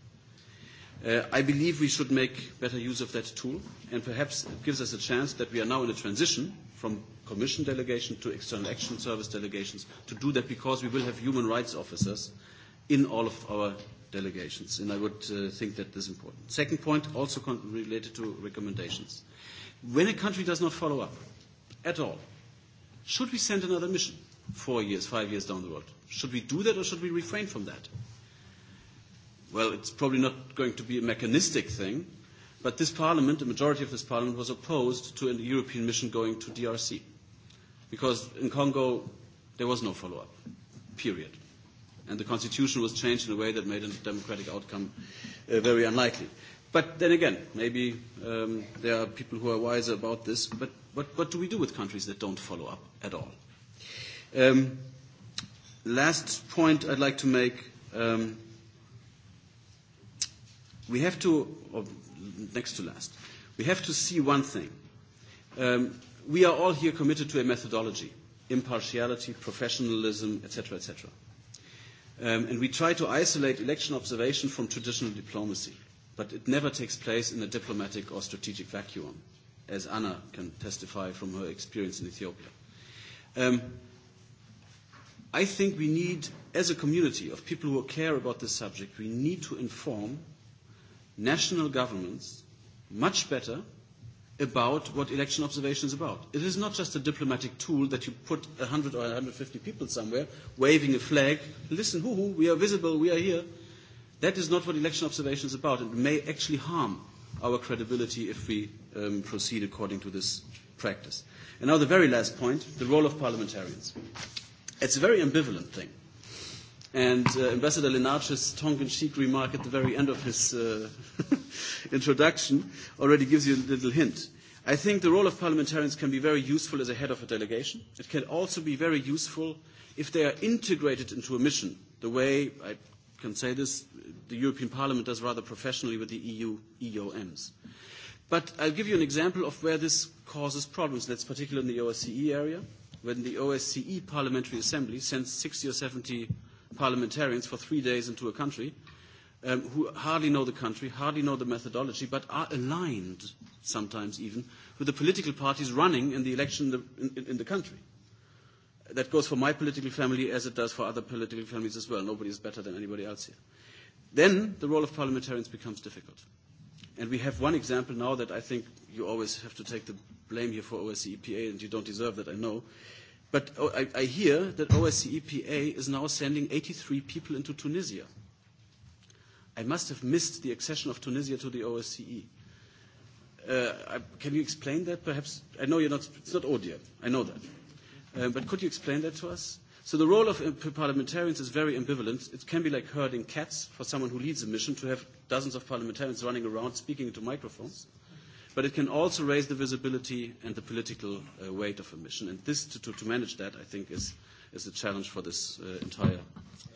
Uh, I believe we should make better use of that tool, and perhaps it gives us a chance that we are now in a transition from Commission delegation to External Action Service delegations to do that because we will have human rights officers in all of our delegations, and I would uh, think that this is important. Second point, also con- related to recommendations. When a country does not follow up at all, should we send another mission? four years, five years down the road. Should we do that or should we refrain from that? Well, it's probably not going to be a mechanistic thing, but this parliament, the majority of this parliament, was opposed to a European mission going to DRC. Because in Congo, there was no follow-up, period. And the constitution was changed in a way that made a democratic outcome uh, very unlikely. But then again, maybe um, there are people who are wiser about this, but what, what do we do with countries that don't follow up at all? Um, last point I'd like to make. Um, we have to, or next to last, we have to see one thing. Um, we are all here committed to a methodology, impartiality, professionalism, etc., etc. Um, and we try to isolate election observation from traditional diplomacy, but it never takes place in a diplomatic or strategic vacuum, as Anna can testify from her experience in Ethiopia. Um, I think we need, as a community of people who care about this subject, we need to inform national governments much better about what election observation is about. It is not just a diplomatic tool that you put 100 or 150 people somewhere waving a flag, listen, hoo hoo, we are visible, we are here. That is not what election observation is about. It may actually harm our credibility if we um, proceed according to this practice. And now the very last point, the role of parliamentarians. It's a very ambivalent thing. And uh, Ambassador Lenarch's tongue-in-cheek remark at the very end of his uh, introduction already gives you a little hint. I think the role of parliamentarians can be very useful as a head of a delegation. It can also be very useful if they are integrated into a mission, the way, I can say this, the European Parliament does rather professionally with the EU EOMs. But I'll give you an example of where this causes problems, and that's particularly in the OSCE area when the OSCE Parliamentary Assembly sends 60 or 70 parliamentarians for three days into a country um, who hardly know the country, hardly know the methodology, but are aligned sometimes even with the political parties running in the election in the, in, in the country. That goes for my political family as it does for other political families as well. Nobody is better than anybody else here. Then the role of parliamentarians becomes difficult. Uh, And we have one example now that I think you always have to take the blame here for OSCE EPA, and you don't deserve that, I know. But I, I hear that OSCE EPA is now sending 83 people into Tunisia. I must have missed the accession of Tunisia to the OSCE. Uh, I, can you explain that? Perhaps I know you're not. It's not ODIHR. I know that. Uh, but could you explain that to us? So the role of uh, parliamentarians is very ambivalent. It can be like herding cats for someone who leads a mission to have dozens of parliamentarians running around speaking into microphones. But it can also raise the visibility and the political uh, weight of a mission. And this, to, to, to manage that, I think, is, is the challenge for this uh, entire.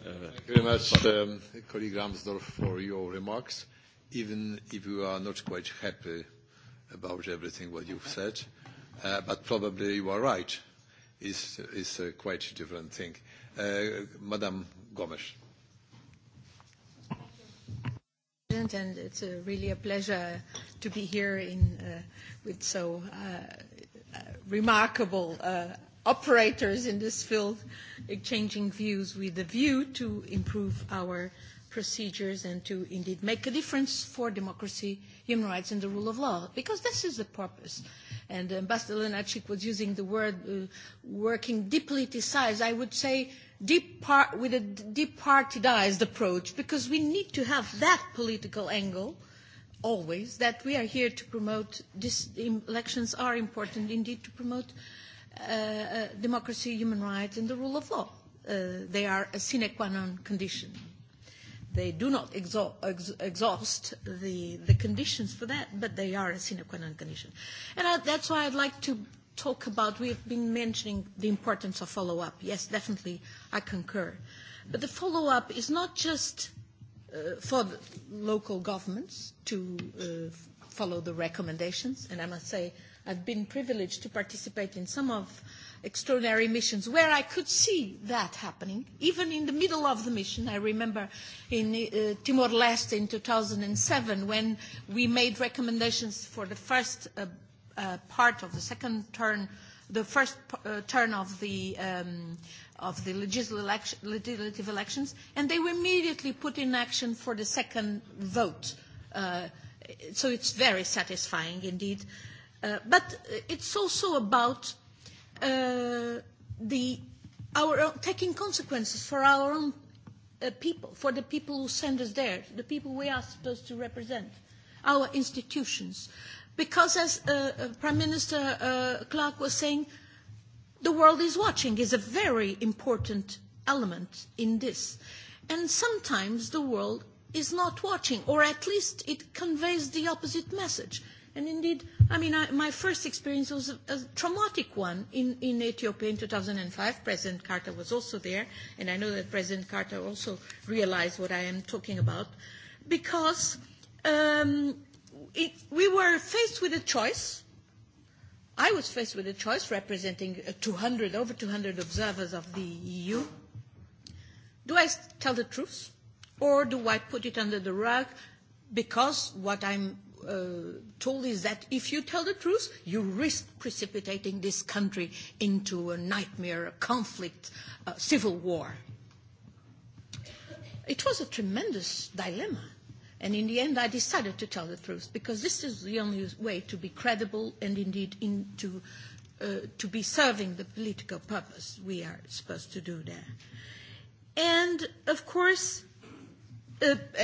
Uh, Thank you very much, um, colleague Ramsdorf, for your remarks. Even if you are not quite happy about everything what you've said, uh, but probably you are right is, is a quite different thing. Uh, Madam Gomes. And it's uh, really a pleasure to be here in, uh, with so uh, uh, remarkable uh, operators in this field, exchanging views with a view to improve our procedures and to indeed make a difference for democracy, human rights, and the rule of law, because this is the purpose. Uh, and uh, Ambassador Lenachik was using the word uh, working depoliticized, I would say depart, with a departidized approach, because we need to have that political angle always, that we are here to promote, this, elections are important indeed to promote uh, uh, democracy, human rights, and the rule of law. Uh, they are a sine qua non condition they do not exha- ex- exhaust the, the conditions for that, but they are a sine qua non condition. And I, that's why I'd like to talk about, we've been mentioning the importance of follow-up. Yes, definitely, I concur. But the follow-up is not just uh, for the local governments to uh, follow the recommendations, and I must say I've been privileged to participate in some of uh, extraordinary missions where I could see that happening. Even in the middle of the mission, I remember in uh, Timor-Leste in 2007 when we made recommendations for the first uh, uh, part of the second turn, the first uh, turn of the um, of the legislative elections, and they were immediately put in action for the second vote. Uh, so it's very satisfying indeed. Uh, but it's also about uh, the, our own, taking consequences for our own uh, people, for the people who send us there, the people we are supposed to represent, our institutions. Because as uh, uh, Prime Minister uh, Clark was saying, the world is watching is a very important element in this. And sometimes the world is not watching, or at least it conveys the opposite message And indeed, I mean, I, my first experience was a, a traumatic one in, in Ethiopia in 2005. President Carter was also there, and I know that President Carter also realized what I am talking about, because um, it, we were faced with a choice. I was faced with a choice representing 200, uh, over 200 observers of the EU. Do I tell the truth? Or do I put it under the rug because what I'm uh, told is that if you tell the truth, you risk precipitating this country into a nightmare, a conflict, a civil war. It was a tremendous dilemma. And in the end, I decided to tell the truth because this is the only way to be credible and indeed in, to, uh, to be serving the political purpose we are supposed to do there. And of course, Uh, uh,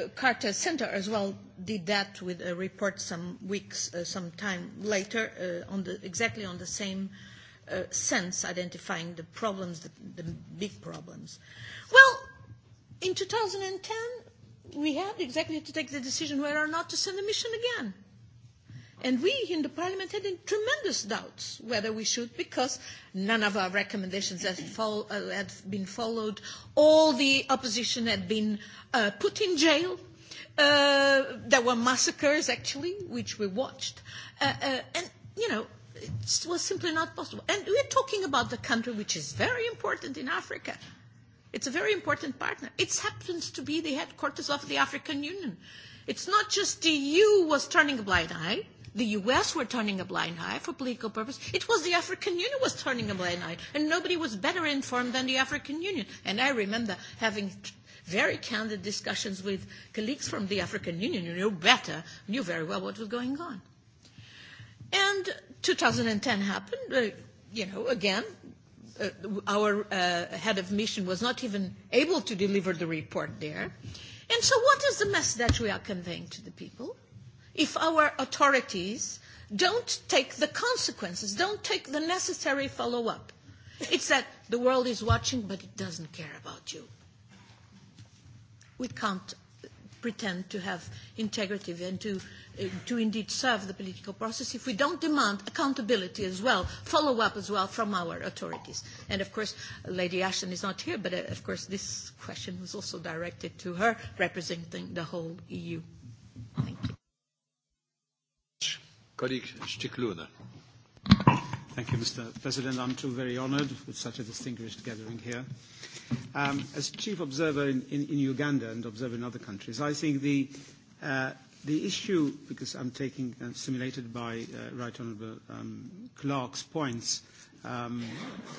uh, Carta Center as well did that with a report some weeks, uh, some time later, uh, on the, exactly on the same uh, sense, identifying the problems, the, the big problems. Well, in 2010, we had exactly to take the decision whether or not to send a mission again. And we in the Parliament had tremendous doubts whether we should, because none of our recommendations had, fol- uh, had been followed. All the opposition had been uh, put in jail. Uh, there were massacres, actually, which we watched. Uh, uh, and, you know, it was simply not possible. And we're talking about the country which is very important in Africa. It's a very important partner. It happens to be the headquarters of the African Union. It's not just the EU was turning a blind eye. The U.S. were turning a blind eye for political purpose. It was the African Union was turning a blind eye, and nobody was better informed than the African Union. And I remember having very candid discussions with colleagues from the African Union who knew better, knew very well what was going on. And 2010 happened. Uh, you know, again, uh, our uh, head of mission was not even able to deliver the report there. And so what is the message that we are conveying to the people? if our authorities don't take the consequences, don't take the necessary follow-up. It's that the world is watching, but it doesn't care about you. We can't pretend to have integrative and to, uh, to indeed serve the political process if we don't demand accountability as well, follow-up as well from our authorities. And of course, Lady Ashton is not here, but uh, of course this question was also directed to her representing the whole EU. Thank you. Colleague Stikluna. Thank you, Mr. President. I'm too very honored with such a distinguished gathering here. Um, as chief observer in, in, in Uganda and observer in other countries, I think the, uh, the issue, because I'm taking, uh, stimulated by uh, Right Honorable um, Clark's points, um,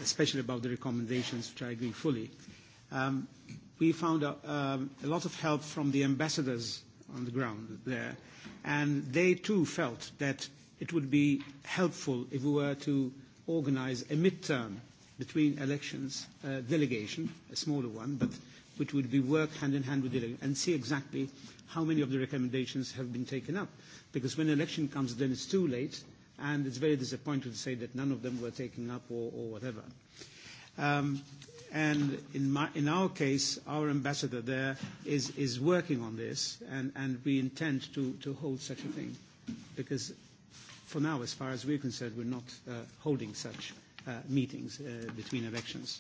especially about the recommendations, which I agree fully, um, we found a, uh, um, a lot of help from the ambassadors uh, on the ground there. And they too felt that it would be helpful if we were to organize a midterm between elections uh, delegation, a smaller one, but which would be work hand in hand with delegation, and see exactly how many of the recommendations have been taken up. Because when election comes, then it's too late, and it's very disappointing to say that none of them were taken up or, or whatever. Um, And in, my, in our case, our ambassador there is, is working on this, and, and we intend to, to hold such a thing. Because for now, as far as we're concerned, we're not uh, holding such uh, meetings uh, between elections.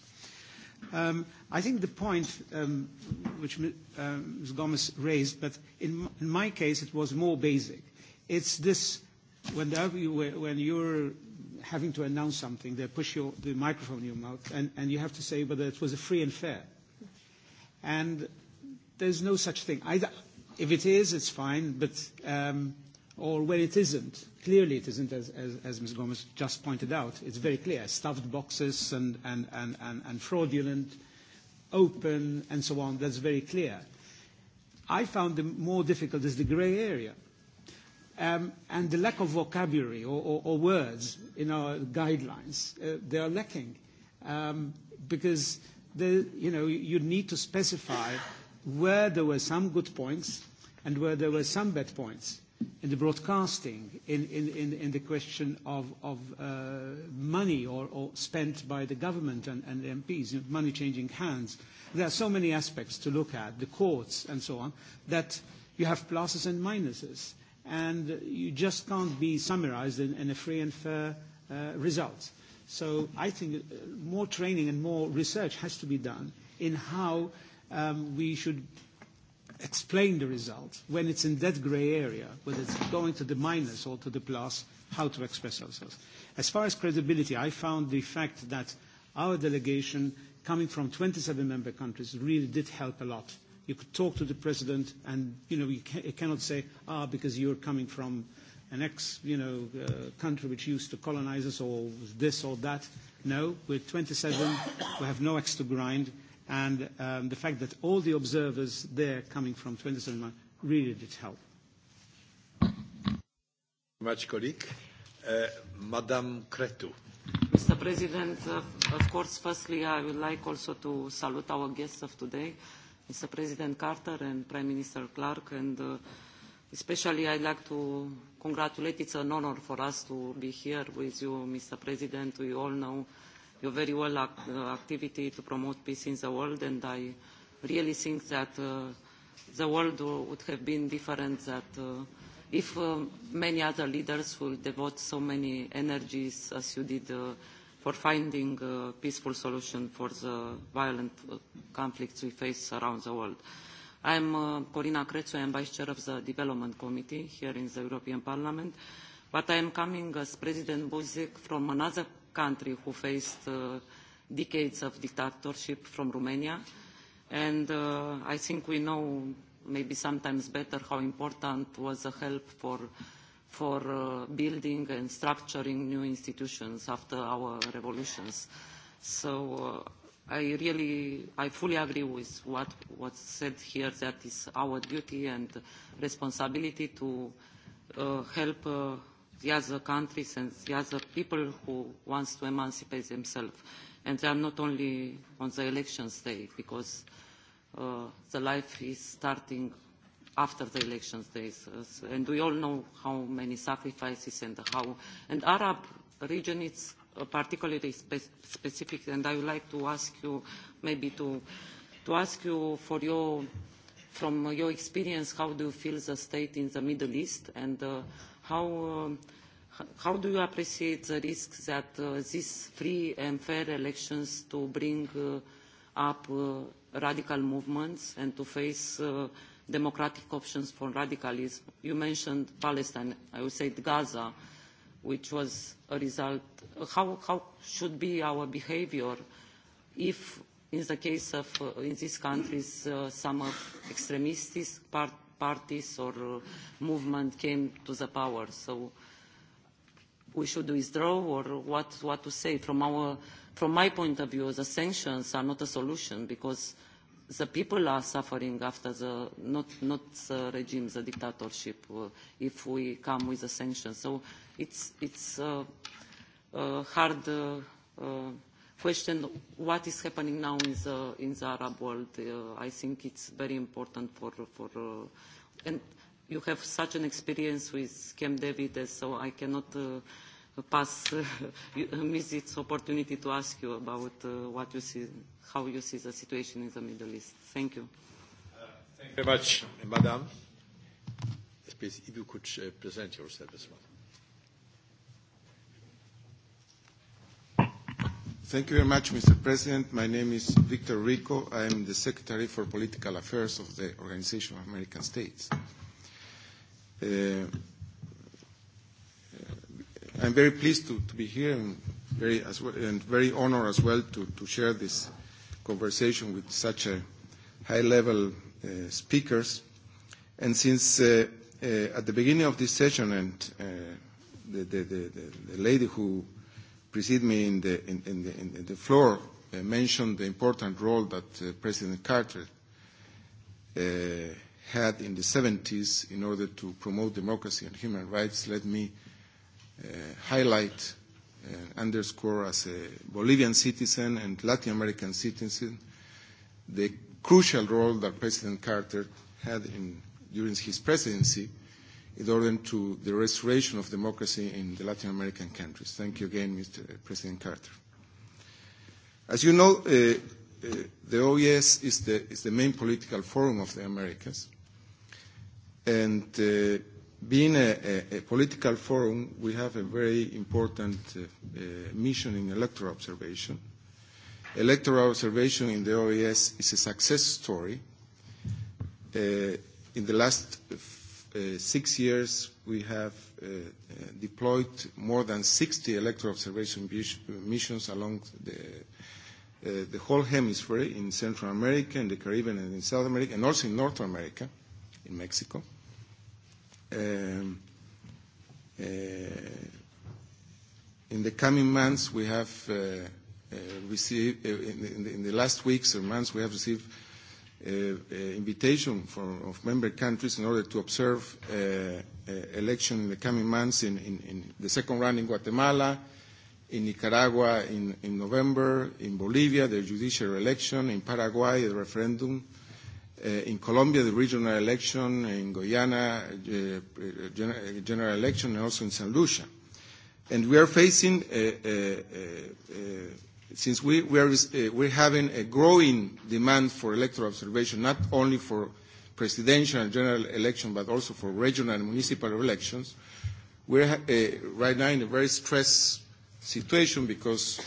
Um, I think the point um, which um, Ms. Gomez raised, but in, in my case, it was more basic. It's this when, the, when you're having to announce something, they push your, the microphone in your mouth, and, and you have to say whether it was a free and fair. And there's no such thing. I, if it is, it's fine, but um, or when it isn't, clearly it isn't, as, as, as Ms. Gomez just pointed out. It's very clear: stuffed boxes and, and, and, and, and fraudulent, open, and so on. That's very clear. I found the more difficult is the grey area um, and the lack of vocabulary or, or, or words in our guidelines, uh, they are lacking um, because the, you know you need to specify where there were some good points and where there were some bad points in the broadcasting, in, in, in, in the question of, of uh, money or, or spent by the government and, and MPs, you know, money changing hands. There are so many aspects to look at, the courts and so on, that you have pluses and minuses. Uh, and you just can't be summarized in, in a free and fair uh, result. So I think uh, more training and more research has to be done in how um, we should explain the result when it's in that gray area, whether it's going to the minus or to the plus, how to express ourselves. As far as credibility, I found the fact that our delegation coming from 27 member countries really did help a lot You could talk to the president, and you know you, ca- you cannot say, ah, because you're coming from an ex, you know, uh, country which used to colonize us or this or that. No, we're 27. we have no axe to grind, and um, the fact that all the observers there coming from 27 really did help. Much, colleague. Uh, Madame Cretu. Mr. President, uh, of course, firstly, I would like also to salute our guests of today. Uh, Mr. President Carter and Prime Minister Clark, and uh, especially I'd like to congratulate. It's an honor for us to be here with you, Mr. President. We all know your very well act, uh, activity to promote peace in the world, and I really think that uh, the world would have been different that uh, if uh, many other leaders will devote so many energies as you did uh, for finding a uh, peaceful solution for the violent uh, conflicts we face around the world. I am uh, Corina Crețu, I am Vice Chair of the Development Committee here in the European Parliament, but I am coming as President Buzic from another country who faced uh, decades of dictatorship from Romania, and uh, I think we know maybe sometimes better how important was the help for uh, for uh, building and structuring new institutions after our revolutions. So uh, I really, I fully agree with what was said here that it's our duty and responsibility to uh, help uh, the other countries and the other people who wants to emancipate themselves. And they are not only on the elections day, because uh, the life is starting after the elections days. And we all know how many sacrifices and how... And Arab region is particularly spe specific, and I would like to ask you maybe to, to ask you for your, from your experience, how do you feel the state in the Middle East and uh, how... Um, how do you appreciate the risk that uh, these free and fair elections to bring uh, up uh, radical movements and to face uh, democratic options for radicalism. You mentioned Palestine, I would say Gaza, which was a result. How, how should be our behavior if, in the case of, uh, in these countries, uh, some of extremist part, parties or uh, movement came to the power? So we should withdraw or what, what to say? From, our, from my point of view, the sanctions are not a solution because uh, the people are suffering after the not not the regime the dictatorship uh, if we come with the sanctions so it's it's uh, uh, hard uh, uh, question what is happening now in the in the arab world uh, i think it's very important for for uh, and you have such an experience with camp david so i cannot uh, pass miss its opportunity to ask you about uh, what you see, how you see the situation in the Middle East. Thank you. Uh, thank you very much, Madam. Please, if you could uh, present yourself as well. Thank you very much, Mr. President. My name is Victor Rico. I am the Secretary for Political Affairs of the Organization of American States. Uh, I'm very pleased to, to be here and very, as well, and very honored as well to, to share this conversation with such a high-level uh, speakers. And since uh, uh, at the beginning of this session and uh, the, the, the, the lady who preceded me in the, in, in the, in the floor uh, mentioned the important role that uh, President Carter uh, had in the 70s in order to promote democracy and human rights, let me uh, uh, highlight and uh, underscore as a Bolivian citizen and Latin American citizen the crucial role that President Carter had in, during his presidency in order to the restoration of democracy in the Latin American countries. Thank you again, Mr. Uh, President Carter. As you know, uh, uh, the OES is the, is the main political forum of the Americas, and uh, Being a, a, a political forum, we have a very important uh, uh, mission in electoral observation. Electoral observation in the OAS e is a success story. Uh, in the last uh, six years, we have uh, uh deployed more than 60 electoral observation missions along the, uh, the whole hemisphere in Central America, in the Caribbean, and in South America, and also in North America, in Mexico. Uh, um, uh, in the coming months, we have uh, uh, received, uh, in, in, the, in the last weeks or months, we have received uh, uh, invitation from, of member countries in order to observe uh, uh, election in the coming months in, in, in the second round in Guatemala, in Nicaragua in, in November, in Bolivia, the judicial election, in Paraguay, the referendum, uh, uh, in Colombia, the regional election, in Guyana, uh, eh, general, eh, general election, and also in San Lucia. And we are facing, uh, uh, uh, since we, we are, uh, we're having a growing demand for electoral observation, not only for presidential and general election, but also for regional and municipal elections, we're uh, right now in a very stressed situation because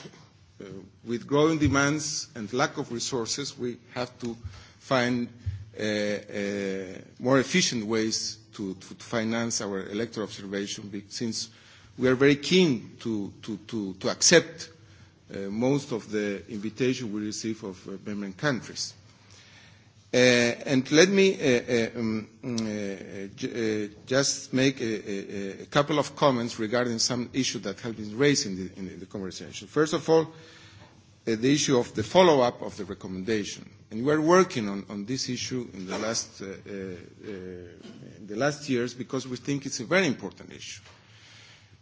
uh, with growing demands and lack of resources, we have to find uh, uh, uh, more efficient ways to, to finance our electoral observation since we are very keen to, to, to, to accept uh, most of the invitation we receive of uh, member countries. Uh, and let me uh, uh, um, uh, j- uh, just make a, a, a couple of comments regarding some issues that have been raised in the, in the conversation. First of all, uh, the issue of the follow-up of the recommendation and we're working on, on this issue in the last, uh, uh, uh, in the last years because we think it's a very important issue.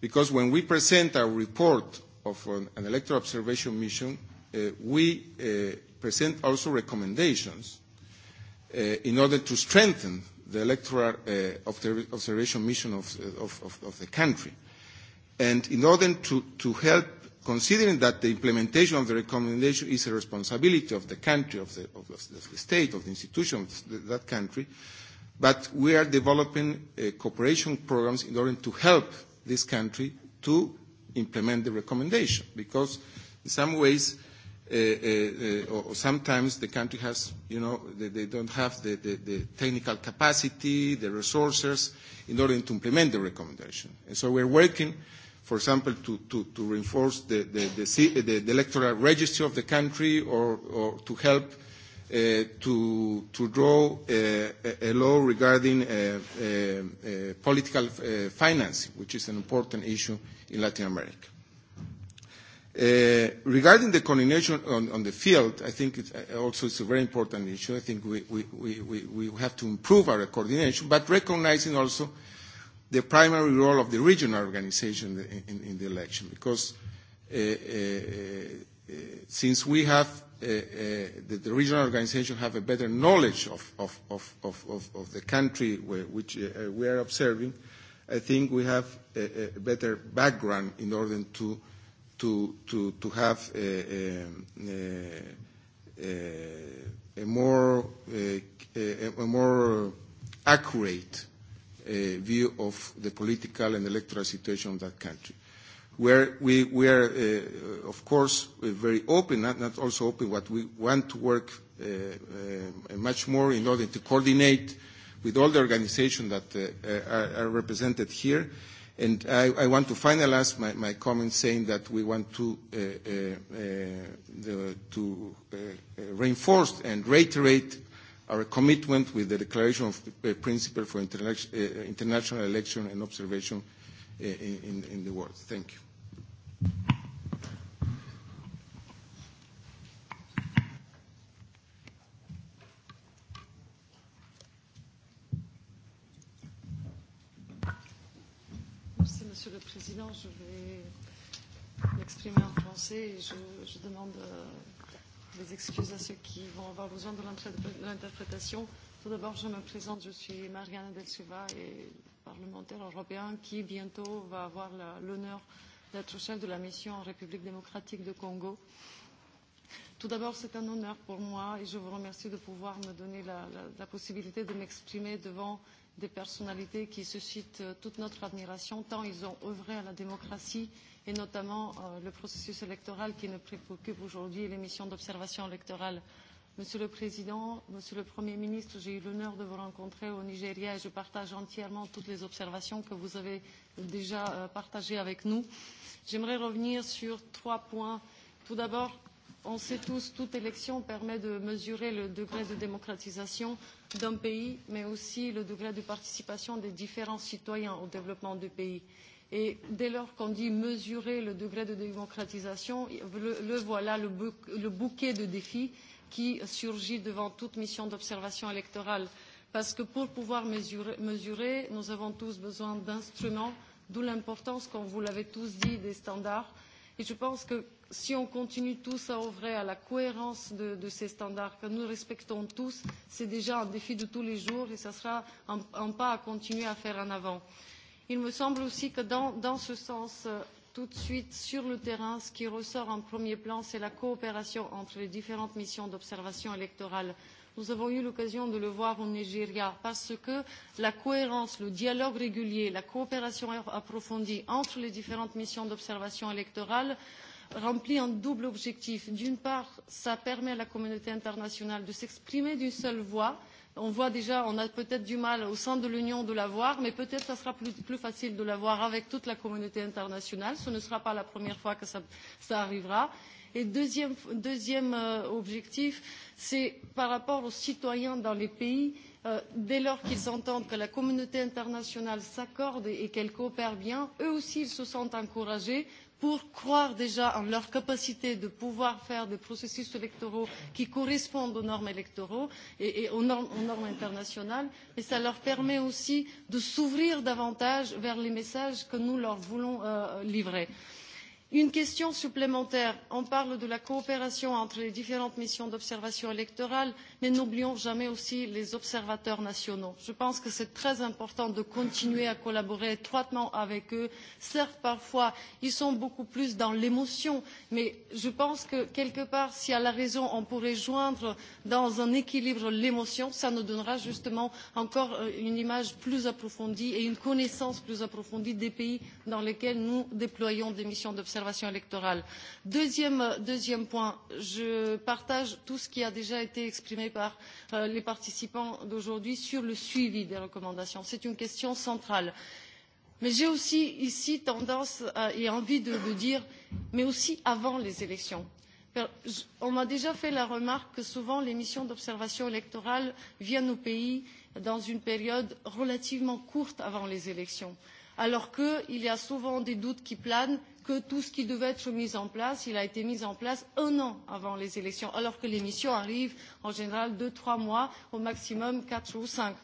Because when we present our report of an, an electoral observation mission, uh, we uh, present also recommendations uh, in order to strengthen the electoral uh, observation mission of, uh, of, of, of the country. And in order to, to help considering that the implementation of the recommendation is a responsibility of the country, of the, of the state, of the institution of that country, but we are developing uh, cooperation programs in order to help this country to implement the recommendation, because in some ways, uh, uh, uh, or, or sometimes the country has, you know, they, they don't have the, the, the technical capacity, the resources in order to implement the recommendation. And so we're working uh, for example, to, to, to reinforce the, the, the, the, the electoral registry of the country or, or to help uh, to, to draw uh, a, a law regarding uh, uh, uh, political uh, financing, which is an important issue in Latin America. Uh, regarding the coordination on, on the field, I think it uh, also it's a very important issue. I think we, we, we, we have to improve our coordination, but recognizing also uh, the primary role of the regional organization in, in, in the election, because uh, uh, uh, since we have uh, uh, the, the regional organization have a better knowledge of, of, of, of, of, of the country where, which uh, uh we are observing, I think we have a, a better background in order to to to to have a, a, a, a more uh, a, a more accurate uh, view of the political and electoral situation of that country. Where we, we are, uh, uh of course, uh, very open, not, not also open, but we want to work uh, uh, much more in order to coordinate with all the organizations that uh, are, are represented here. And I, I want to finalize my, my comments saying that we want to, uh, uh, uh, the, to uh, uh reinforce and reiterate our commitment with the Declaration of uh, Principle for uh, International Election and Observation uh, in, in the world. Thank you. Merci, Monsieur le Président. Je vais m'exprimer en français et je, je demande. Euh, des excuses à ceux qui vont avoir besoin de l'interprétation. Tout d'abord, je me présente, je suis Mariana Del Silva, et parlementaire européen qui bientôt va avoir l'honneur d'être chef de la mission en République démocratique de Congo. Tout d'abord, c'est un honneur pour moi et je vous remercie de pouvoir me donner la, la, la possibilité de m'exprimer devant des personnalités qui suscitent euh, toute notre admiration, tant ils ont œuvré à la démocratie et notamment euh, le processus électoral qui nous préoccupe aujourd'hui, l'émission d'observation électorale. Monsieur le Président, Monsieur le Premier ministre, j'ai eu l'honneur de vous rencontrer au Nigeria et je partage entièrement toutes les observations que vous avez déjà euh, partagées avec nous. J'aimerais revenir sur trois points. Tout d'abord, on sait tous, toute élection permet de mesurer le degré de démocratisation d'un pays, mais aussi le degré de participation des différents citoyens au développement du pays. Et dès lors qu'on dit mesurer le degré de démocratisation, le, le voilà le, bou le bouquet de défis qui surgit devant toute mission d'observation électorale. Parce que pour pouvoir mesurer, mesurer nous avons tous besoin d'instruments, d'où l'importance, comme vous l'avez tous dit, des standards Et je pense que si on continue tous à œuvrer à la cohérence de, de ces standards que nous respectons tous, c'est déjà un défi de tous les jours et ce sera un, un pas à continuer à faire en avant. Il me semble aussi que dans, dans ce sens, euh, tout de suite sur le terrain, ce qui ressort en premier plan, c'est la coopération entre les différentes missions d'observation électorale euh, Nous avons eu l'occasion de le voir au Nigeria parce que la cohérence, le dialogue régulier, la coopération approfondie entre les différentes missions d'observation électorale remplit un double objectif. D'une part, ça permet à la communauté internationale de s'exprimer d'une seule voix. On voit déjà, on a peut-être du mal au sein de l'Union de la voir, mais peut-être ça sera plus, plus facile de la voir avec toute la communauté internationale. Ce ne sera pas la première fois que ça, ça arrivera. Et deuxième, deuxième euh, objectif, c'est par rapport aux citoyens dans les pays, euh, dès lors qu'ils entendent que la communauté internationale s'accorde et qu'elle coopère bien, eux aussi ils se sentent encouragés pour croire déjà en leur capacité de pouvoir faire des processus électoraux qui correspondent aux normes électoraux et, et aux, normes, aux normes internationales, mais ça leur permet aussi de s'ouvrir davantage vers les messages que nous leur voulons euh, livrer. Euh, une question supplémentaire on parle de la coopération entre les différentes missions d'observation électorale mais n'oublions jamais aussi les observateurs nationaux. je pense qu'il est très important de continuer à collaborer étroitement avec eux. certes parfois ils sont beaucoup plus dans l'émotion mais je pense que quelque part si à la raison on pourrait joindre dans un équilibre l'émotion cela nous donnera justement encore euh, une image plus approfondie et une connaissance plus approfondie des pays dans lesquels nous déployons des missions d'observation l'observation électorale. Deuxième, deuxième point, je partage tout ce qui a déjà été exprimé par euh, les participants d'aujourd'hui sur le suivi des recommandations. C'est une question centrale. Mais j'ai aussi ici tendance à, euh, et envie de, de dire, mais aussi avant les élections on m'a déjà fait la remarque que souvent les missions d'observation électorale viennent au pays dans une période relativement courte avant les élections. Euh, alors qu'il y a souvent des doutes qui planent que tout ce qui devait être mis en place a été mis en place un an avant les élections alors que les missions arrivent en général deux trois mois au maximum quatre ou cinq.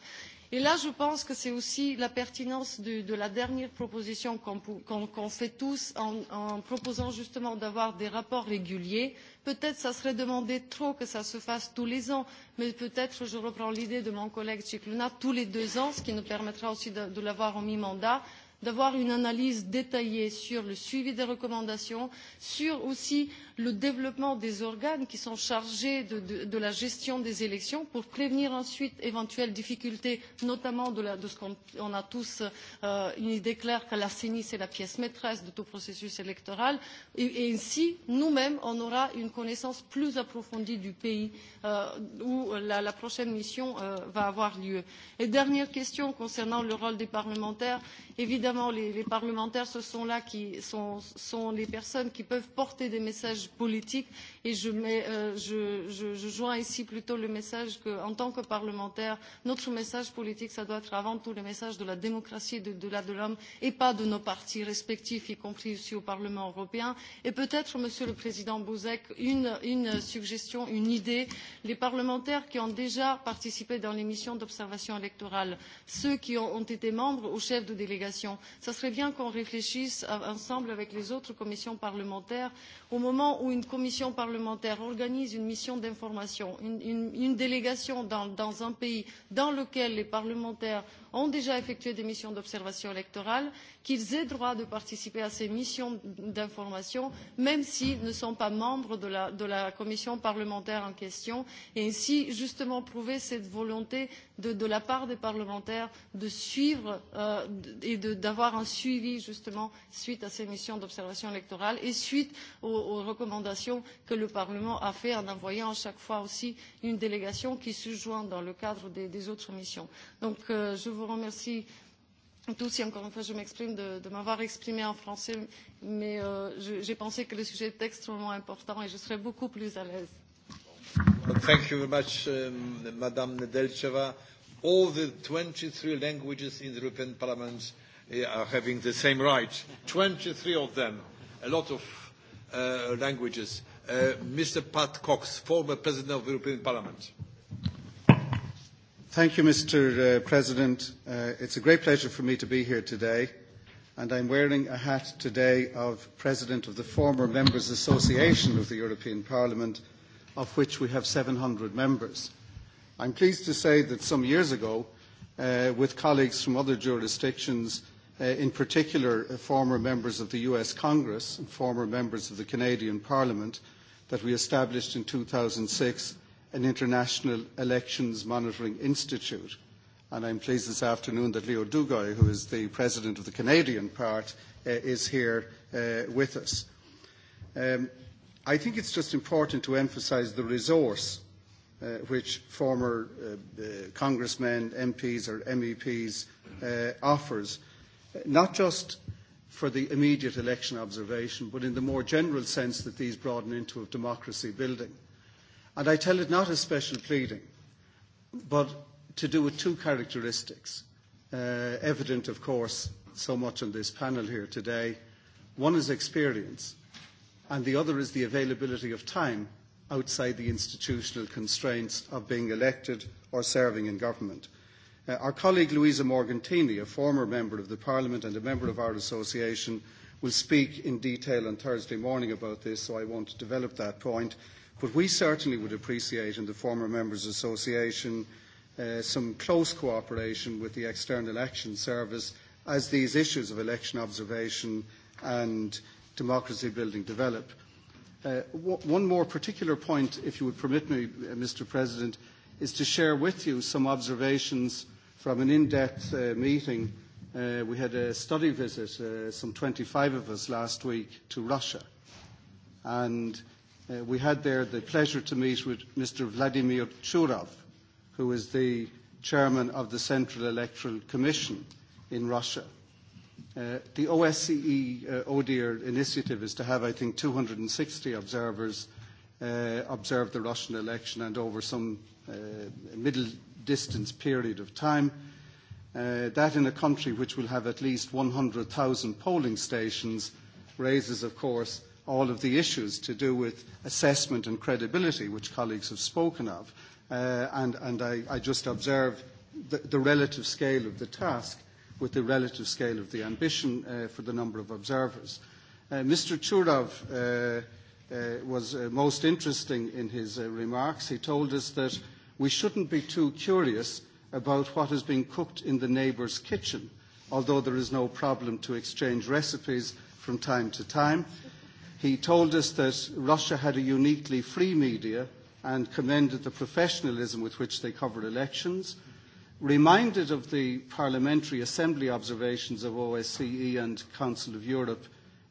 et là je pense que c'est aussi la pertinence de, de la dernière proposition qu'on qu qu fait tous en, en proposant justement d'avoir des rapports réguliers peut être ça serait demander trop que ça se fasse tous les ans mais peut être je reprends l'idée de mon collègue scicluna tous les deux ans ce qui nous permettra aussi de, de l'avoir en mi mandat d'avoir une analyse détaillée sur le suivi des recommandations, sur aussi le développement des organes qui sont chargés de, de, de la gestion des élections pour prévenir ensuite éventuelles difficultés, notamment de, la, de ce qu'on a tous euh, une idée claire que la CENI c'est la pièce maîtresse de tout processus électoral et, et ainsi nous-mêmes on aura une connaissance plus approfondie du pays euh, où la, la prochaine mission euh, va avoir lieu. Et dernière question concernant le rôle des parlementaires. Évidemment, les, les parlementaires, ce sont là qui sont, sont les personnes qui peuvent porter des messages langage politique et je, mets, euh, je, je, je joins ici plutôt le message que, en tant que parlementaire, notre message politique, ça doit être avant tout le message de la démocratie et de, de la de l'homme et pas de nos partis respectifs, y compris ici au Parlement européen. Et peut-être, Monsieur le Président Bouzek, une, une suggestion, une idée. Les parlementaires qui ont déjà participé dans les missions d'observation électorale, ceux qui ont, ont été membres ou chefs de délégation, ça serait bien qu'on réfléchisse à, euh, ensemble avec les autres commissions parlementaires au moment où une commission parlementaire parlementaires organisent une mission d'information, une, une, une délégation dans, dans un pays dans lequel les parlementaires ont déjà effectué des missions d'observation électorale, qu'ils aient droit de participer à ces missions d'information, même s'ils ne sont pas membres de la, de la commission parlementaire en question, et ainsi justement prouver cette volonté de, de la part des parlementaires de suivre euh, et d'avoir un suivi justement suite à ces missions d'observation électorale et suite aux, aux recommandations que le Parlement a fait en envoyant chaque fois aussi une délégation qui se joint dans le cadre des, des autres missions. Donc euh, je vous remercie tous, et encore une fois, je m'exprime de, de m'avoir exprimé en français, mais euh, j'ai pensé que le sujet est extrêmement important et je serais beaucoup plus à l'aise. Well, thank you very much, um, uh, Madame Nedelcheva. All the 23 languages in the European Parliament uh, are having the same right. 23 of them, a lot of uh, languages. Uh, Mr. Pat Cox, former President of the European Parliament. Uh, Thank you, Mr. Uh, President. Uh, it's a great pleasure for me to be here today, and I'm wearing a hat today of President of the former Members Association of the European Parliament, of which we have 700 members. I'm pleased to say that some years ago, uh, with colleagues from other jurisdictions, uh, in particular uh, former members of the US Congress and former members of the Canadian Parliament, that we established in 2006 an international elections monitoring institute. And I'm pleased this afternoon that Leo Dugoy, who is the president of the Canadian part, uh, is here uh, with us. Um, I think it's just important to emphasise the resource uh, which former uh, uh, congressmen, MPs or MEPs uh, offers, not just for the immediate election observation, but in the more general sense that these broaden into of democracy building. Uh, And I tell it not as special pleading, but to do with two characteristics, uh, evident, of course, so much on this panel here today. One is experience, and the other is the availability of time outside the institutional constraints of being elected or serving in government. Uh, our colleague Louisa Morgantini, a former member of the Parliament and a member of our association, will speak in detail on Thursday morning about this, so I won't develop that point. But we certainly would appreciate in the former Members Association uh, some close cooperation with the External Action Service as these issues of election observation and democracy building develop. Uh, w- one more particular point, if you would permit me, uh, Mr. President, is to share with you some observations from an in-depth uh, meeting. Uh, we had a study visit, uh, some 25 of us last week, to Russia. And uh, uh, we had there the pleasure to meet with Mr. Vladimir Churov, who is the chairman of the Central Electoral Commission in Russia. Uh, the OSCE uh, ODIHR e initiative is to have, I think, 260 observers uh, observe the Russian election and over some uh, middle distance period of time. Uh, that in a country which will have at least 100,000 polling stations raises, of course, all of the issues to do with assessment and credibility, which colleagues have spoken of. Uh, and and I, I just observe the, the relative scale of the task with the relative scale of the ambition uh, for the number of observers. Uh, Mr. Churov uh, uh, was uh, most interesting in his uh, remarks. He told us that we shouldn't be too curious about what is being cooked in the neighbour's kitchen, although there is no problem to exchange recipes from time to time. He told us that Russia had a uniquely free media and commended the professionalism with which they covered elections, reminded of the Parliamentary Assembly observations of OSCE and Council of Europe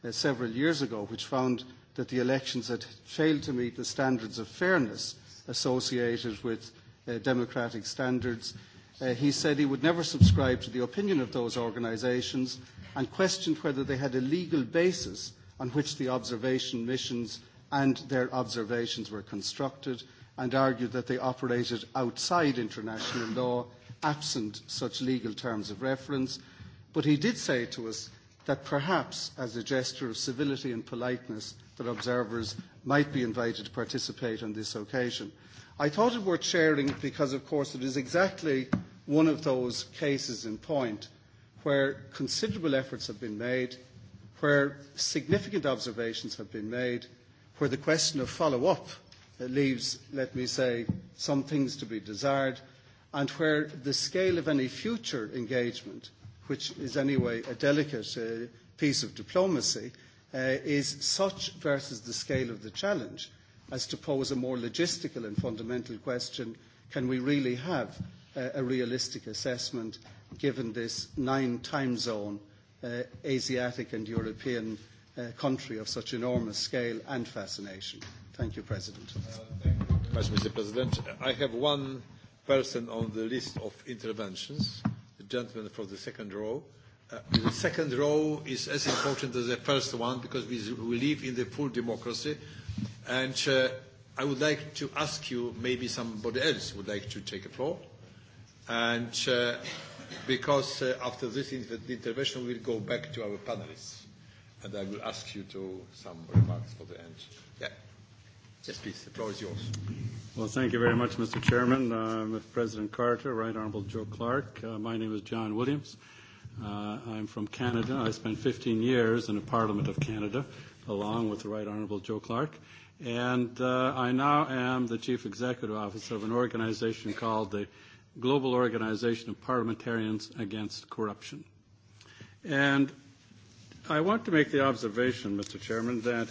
uh, several years ago, which found that the elections had failed to meet the standards of fairness associated with uh, democratic standards. Uh, he said he would never subscribe to the opinion of those organizations and questioned whether they had a legal basis on which the observation missions and their observations were constructed and argued that they operated outside international law, absent such legal terms of reference. But he did say to us that perhaps, as a gesture of civility and politeness, that observers might be invited to participate on this occasion. I thought it worth sharing because, of course, it is exactly one of those cases in point where considerable efforts have been made – where significant observations have been made, where the question of follow-up leaves, let me say, some things to be desired, and where the scale of any future engagement, which is anyway a delicate uh, piece of diplomacy, uh, is such versus the scale of the challenge as to pose a more logistical and fundamental question, can we really have a, a realistic assessment given this nine time zone uh, uh, Asiatic and European uh, country of such enormous scale and fascination. Thank you, President. Uh, thank you very much, Mr. President. I have one person on the list of interventions, the gentleman from the second row. Uh, the second row is as important as the first one because we, we live in the full democracy. And uh, I would like to ask you, maybe somebody else would like to take a floor. And uh, because uh, after this inter- intervention, we'll go back to our panelists. And I will ask you to some remarks for the end. Yeah. Yes, please. The floor is yours. Well, thank you very much, Mr. Chairman, uh, with President Carter, Right Honourable Joe Clark. Uh, my name is John Williams. Uh, I'm from Canada. I spent 15 years in the Parliament of Canada, along with the Right Honourable Joe Clark. And uh, I now am the Chief Executive Officer of an organization called the Global Organization of Parliamentarians Against Corruption. And I want to make the observation, Mr. Chairman, that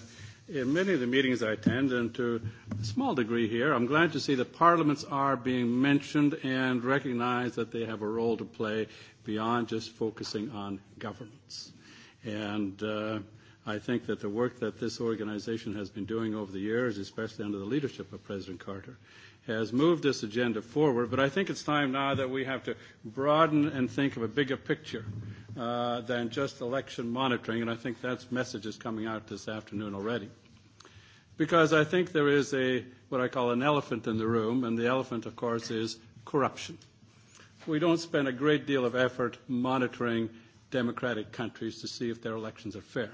in many of the meetings I attend, and to a small degree here, I'm glad to see that parliaments are being mentioned and recognized that they have a role to play beyond just focusing on governments. And uh, I think that the work that this organization has been doing over the years, especially under the leadership of President Carter, has moved this agenda forward, but I think it's time now that we have to broaden and think of a bigger picture uh, than just election monitoring, and I think that message is coming out this afternoon already. Because I think there is a, what I call an elephant in the room, and the elephant, of course, is corruption. We don't spend a great deal of effort monitoring democratic countries to see if their elections are fair.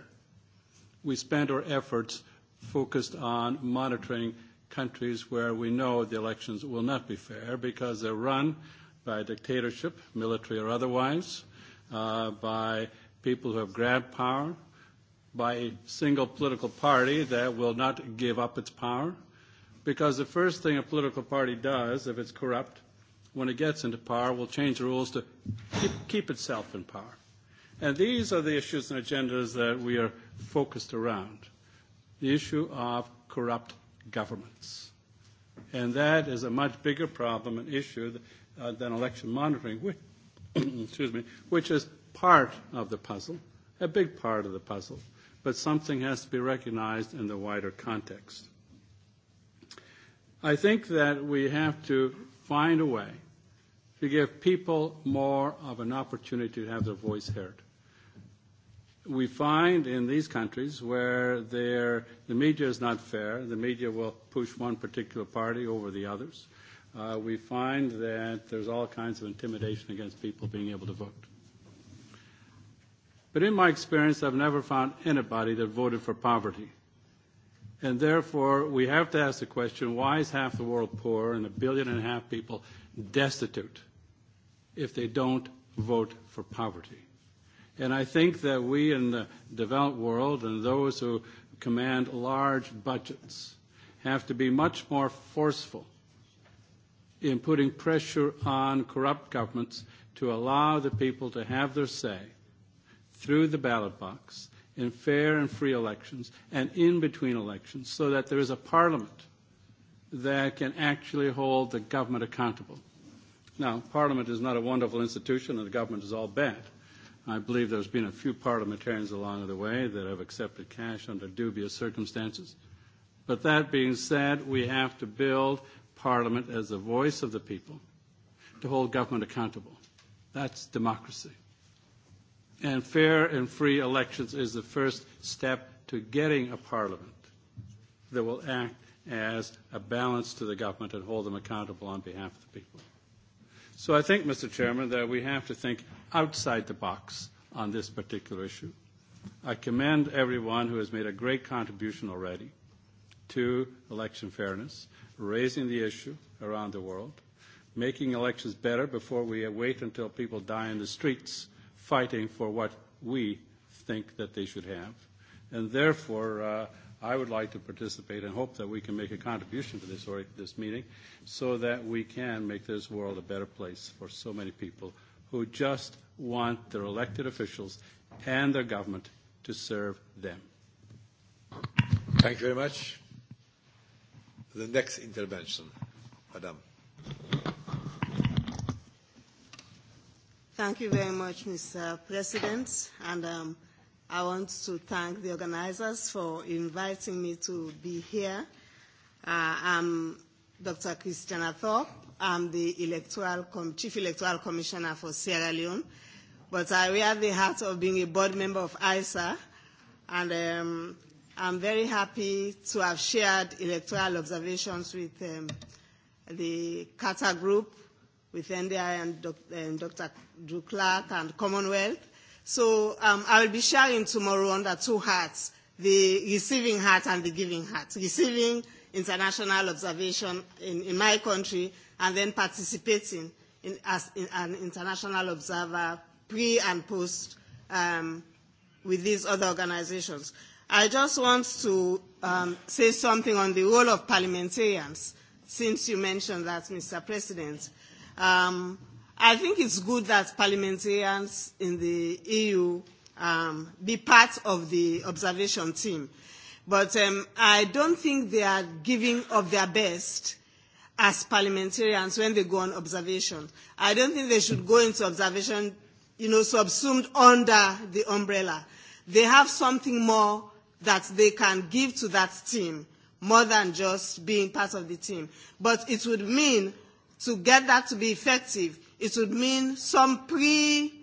We spend our efforts focused on monitoring countries where we know the elections will not be fair because they're run by dictatorship, military or otherwise, uh, by people who have grabbed power, by a single political party that will not give up its power. Because the first thing a political party does, if it's corrupt, when it gets into power, will change the rules to keep, keep itself in power. And these are the issues and agendas that we are focused around. The issue of corrupt governments. And that is a much bigger problem and issue uh, than election monitoring, which, excuse me, which is part of the puzzle, a big part of the puzzle, but something has to be recognized in the wider context. I think that we have to find a way to give people more of an opportunity to have their voice heard we find in these countries where the media is not fair, the media will push one particular party over the others. Uh, we find that there's all kinds of intimidation against people being able to vote. But in my experience, I've never found anybody that voted for poverty. And therefore, we have to ask the question, why is half the world poor and a billion and a half people destitute if they don't vote for poverty? And I think that we in the developed world and those who command large budgets have to be much more forceful in putting pressure on corrupt governments to allow the people to have their say through the ballot box in fair and free elections and in between elections so that there is a parliament that can actually hold the government accountable. Now, parliament is not a wonderful institution and the government is all bad. I believe there's been a few parliamentarians along the way that have accepted cash under dubious circumstances. But that being said, we have to build Parliament as the voice of the people to hold government accountable. That's democracy. And fair and free elections is the first step to getting a Parliament that will act as a balance to the government and hold them accountable on behalf of the people. So I think, Mr. Chairman, that we have to think outside the box on this particular issue. I commend everyone who has made a great contribution already to election fairness, raising the issue around the world, making elections better before we wait until people die in the streets fighting for what we think that they should have. And therefore, uh, I would like to participate and hope that we can make a contribution to this, or, this meeting so that we can make this world a better place for so many people who just want their elected officials and their government to serve them. Thank you very much. The next intervention, Madam. Thank you very much, Mr. President. And um, I want to thank the organizers for inviting me to be here. Uh, I'm Dr. Christiana Thorpe. I'm the electoral com- Chief Electoral Commissioner for Sierra Leone, but I wear the hat of being a board member of ISA, and um, I'm very happy to have shared electoral observations with um, the Qatar Group, with NDI and, doc- and um, Dr. Drew Clark and Commonwealth So um, I will be sharing tomorrow under two hats, the receiving hat and the giving hat. Receiving international observation in, in my country and then participating in, as in, an international observer pre and post um, with these other organizations. I just want to um, say something on the role of parliamentarians, since you mentioned that, Mr. President. Um, I think it's good that parliamentarians in the EU um, be part of the observation team. But um, I don't think they are giving of their best as parliamentarians when they go on observation. I don't think they should go into observation, you know, subsumed under the umbrella. They have something more that they can give to that team, more than just being part of the team. But it would mean to get that to be effective, it would mean some pre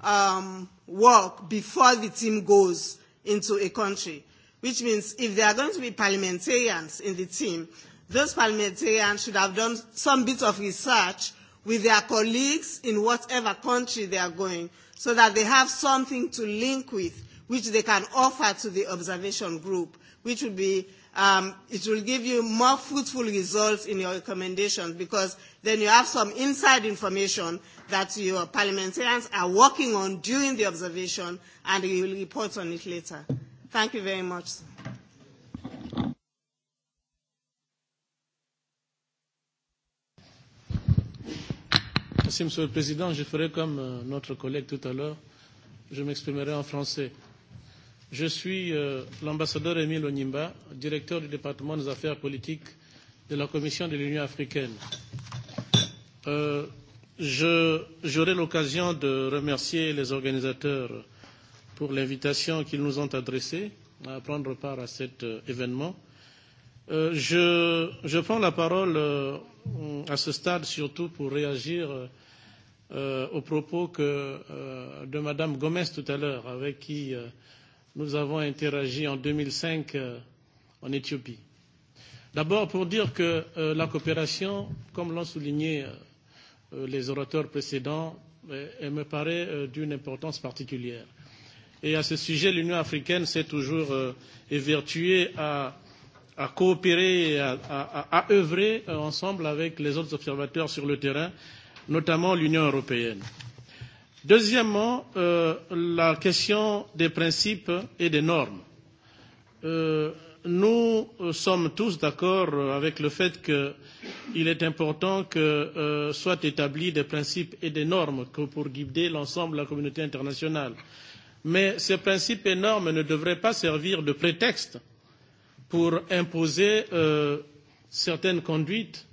um, work before the team goes into a country, which means if there are going to be parliamentarians in the team, those parliamentarians should have done some bit of research with their colleagues in whatever country they are going so that they have something to link with which they can offer to the observation group, which would be um, it will give you more fruitful results in your recommendations because then you have some inside information that your parliamentarians are working on during the observation and you will report on it later. Thank you very much. Sir. Merci, Monsieur le Président. Je ferai comme euh, notre collègue tout à l'heure. Je m'exprimerai en français. Euh, Je suis euh, l'ambassadeur Émile Onimba, directeur du département des affaires politiques de la Commission de l'Union africaine. Euh, J'aurai l'occasion de remercier les organisateurs pour l'invitation qu'ils nous ont adressée à prendre part à cet euh, événement. Euh, je, je prends la parole euh, à ce stade surtout pour réagir euh, aux propos que, euh, de Madame Gomez tout à l'heure, avec qui euh, nous avons interagi en 2005 euh, en Éthiopie. D'abord pour dire que euh, la coopération, comme l'ont souligné euh, euh, les orateurs précédents, euh, elle me paraît euh, d'une importance particulière. Et à ce sujet, l'Union africaine s'est toujours euh, évertuée à, à coopérer et à, à, à œuvrer euh, ensemble avec les autres observateurs sur le terrain, notamment l'Union européenne. Euh, Deuxièmement, euh, la question des principes et des normes. Euh, nous euh, sommes tous d'accord avec le fait qu'il est important que euh, soient établis des principes et des normes que pour guider l'ensemble de la communauté internationale. Mais ces principes et normes ne devraient pas servir de prétexte pour imposer euh, certaines conduites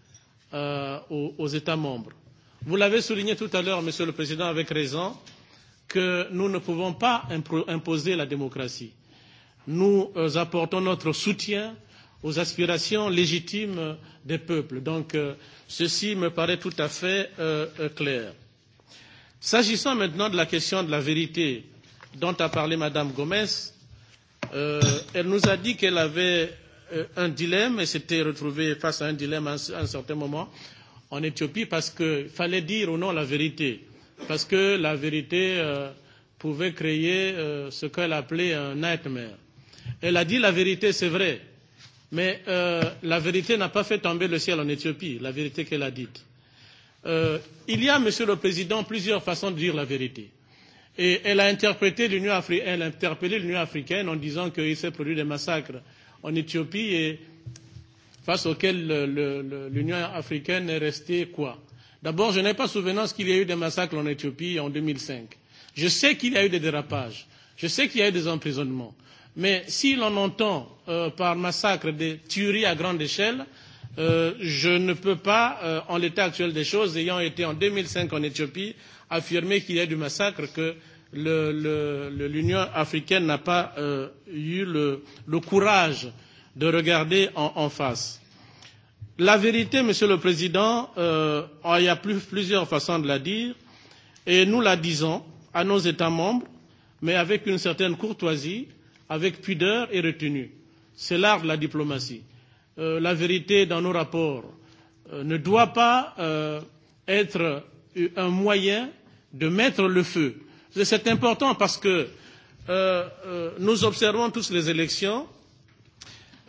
euh, aux, aux États membres. Vous l'avez souligné tout à l'heure, Monsieur le Président, avec raison, que nous ne pouvons pas impo imposer la démocratie. Nous euh, apportons notre soutien aux aspirations légitimes des peuples. Donc, euh, ceci me paraît tout à fait euh, euh clair. S'agissant maintenant de la question de la vérité dont a parlé Madame Gomez, euh, elle nous a dit qu'elle avait euh, un dilemme et s'était retrouvée face à un dilemme à un, à un certain moment en Éthiopie parce qu'il fallait dire ou non la vérité, parce que la vérité euh, pouvait créer euh, ce qu'elle appelait un nightmare. Elle a dit la vérité, c'est vrai, mais euh, la vérité n'a pas fait tomber le ciel en Éthiopie, la vérité qu'elle a dite. Euh, il y a, Monsieur le Président, plusieurs façons de dire la vérité. Et elle a interprété l'Union Afri elle a interpellé l'Union africaine en disant qu'il s'est produit des massacres en Éthiopie et face auquel l'Union africaine est restée quoi D'abord, je n'ai pas souvenance qu'il y a eu des massacres en Éthiopie en 2005. Je sais qu'il y a eu des dérapages. Je sais qu'il y a eu des emprisonnements. Mais si l'on entend euh, par massacre des tueries à grande échelle, euh, je ne peux pas, euh, en l'état actuel des choses, ayant été en 2005 en Éthiopie, affirmer qu'il y a eu du massacre que l'Union le, le, le, africaine n'a pas euh, eu le, le courage euh, de regarder en, en face. La vérité, Monsieur le Président, euh, il y a plus, plusieurs façons de la dire, et nous la disons à nos États membres, mais avec une certaine courtoisie, avec pudeur et retenue. C'est l'art de la diplomatie. Euh, la vérité dans nos rapports euh, ne doit pas euh, être un moyen de mettre le feu. C'est important parce que euh, euh, nous observons tous les élections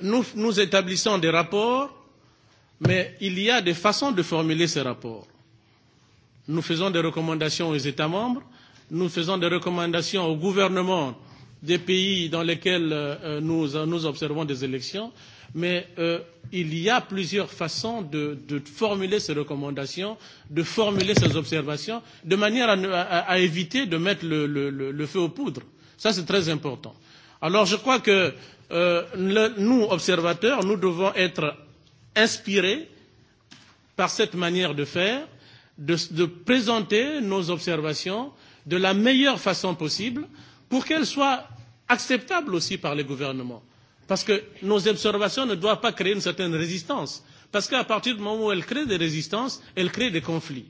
nous, nous établissons des rapports, mais il y a des façons de formuler ces rapports. Nous faisons des recommandations aux États membres, nous faisons des recommandations au gouvernement des pays dans lesquels euh, euh nous, euh, nous observons des élections, mais euh, il y a plusieurs façons de, de formuler ces recommandations, de formuler ces observations, de manière à, à, à éviter de mettre le, le, le, le feu aux poudres. Ça, c'est très important. Alors, je crois que euh, le, nous, observateurs, nous devons être inspirés par cette manière de faire, de, de présenter nos observations de la meilleure façon possible pour qu'elles soient acceptables aussi par les gouvernements. Parce que nos observations ne doivent pas créer une certaine résistance. Parce qu'à partir du moment où elles créent des résistances, elles créent des conflits.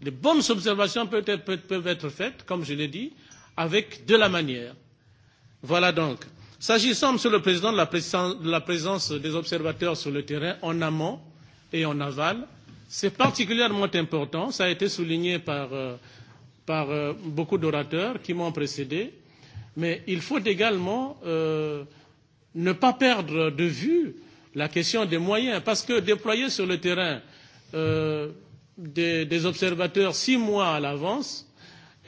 Les bonnes observations peuvent être, peuvent être faites, comme je l'ai dit, avec de la manière. Voilà donc. Euh, S'agissant, Monsieur le Président, de la, présence, de la présence des observateurs sur le terrain en amont et en aval, c'est particulièrement important. Ça a été souligné par, euh, par euh, beaucoup d'orateurs qui m'ont précédé. Mais il faut également euh, ne pas perdre de vue la question des moyens, parce que déployer sur le terrain euh, des, des observateurs six mois à l'avance,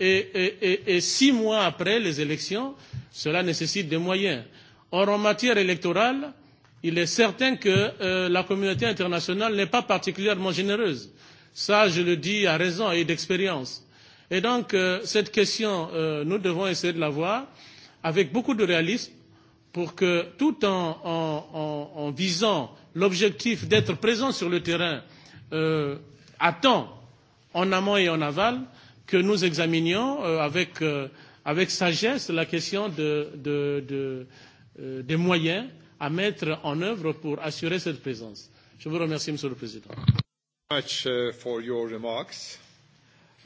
Et, et, et, et six mois après les élections, cela nécessite des moyens. Or, en matière électorale, il est certain que euh, la communauté internationale n'est pas particulièrement généreuse. Ça, je le dis à raison et d'expérience. Et donc, euh, cette question, euh, nous devons essayer de la voir avec beaucoup de réalisme pour que, tout en, en, en, en visant l'objectif d'être présent sur le terrain euh, à temps, en amont et en aval, que nous examinions euh, avec, euh, avec sagesse la question de, de, de, euh, des moyens à mettre en œuvre pour assurer cette présence. Je vous remercie, Monsieur le Président. Much uh, for your remarks.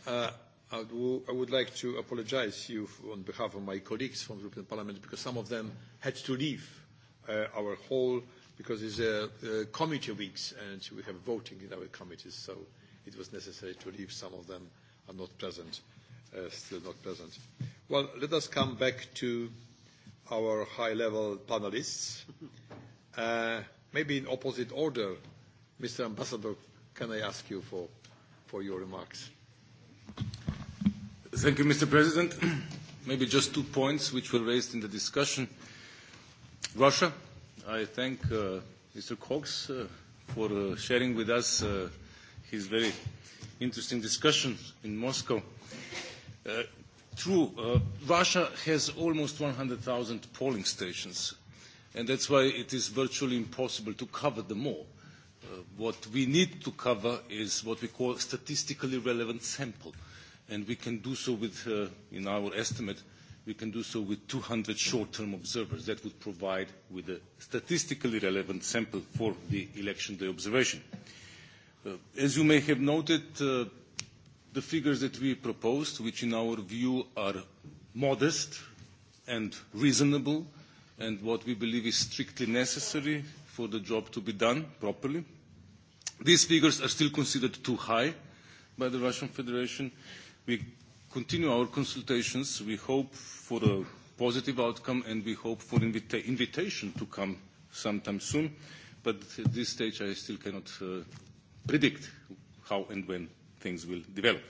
Uh, I, do, I would like to apologize to you on behalf of my colleagues from the European Parliament because some of them had to leave uh, our hall because it's a, uh, a uh, committee weeks and we have voting in our committees, so it was necessary to leave some of them uh, are not present, uh, still not present. Well, let us come back to our high-level panelists. Uh, maybe in opposite order, Mr. Ambassador, can I ask you for, for your remarks? Thank you, Mr. President. maybe just two points which were raised in the discussion. Russia, I thank uh, Mr. Cox uh, for uh, sharing with us uh, his very uh, interesting discussion in Moscow. Uh, true, uh, Russia has almost 100,000 polling stations, and that's why it is virtually impossible to cover them all. Uh, what we need to cover is what we call statistically relevant sample, and we can do so with, uh, in our estimate, we can do so with 200 short-term observers. That would provide with a statistically relevant sample for the election day observation. Uh, Uh, as you may have noted, uh, the figures that we proposed, which in our view are modest and reasonable, and what we believe is strictly necessary for the job to be done properly. These figures are still considered too high by the Russian Federation. We continue our consultations. We hope for a positive outcome, and we hope for invita invitation to come sometime soon. But at this stage, I still cannot uh, predict how and when things will develop.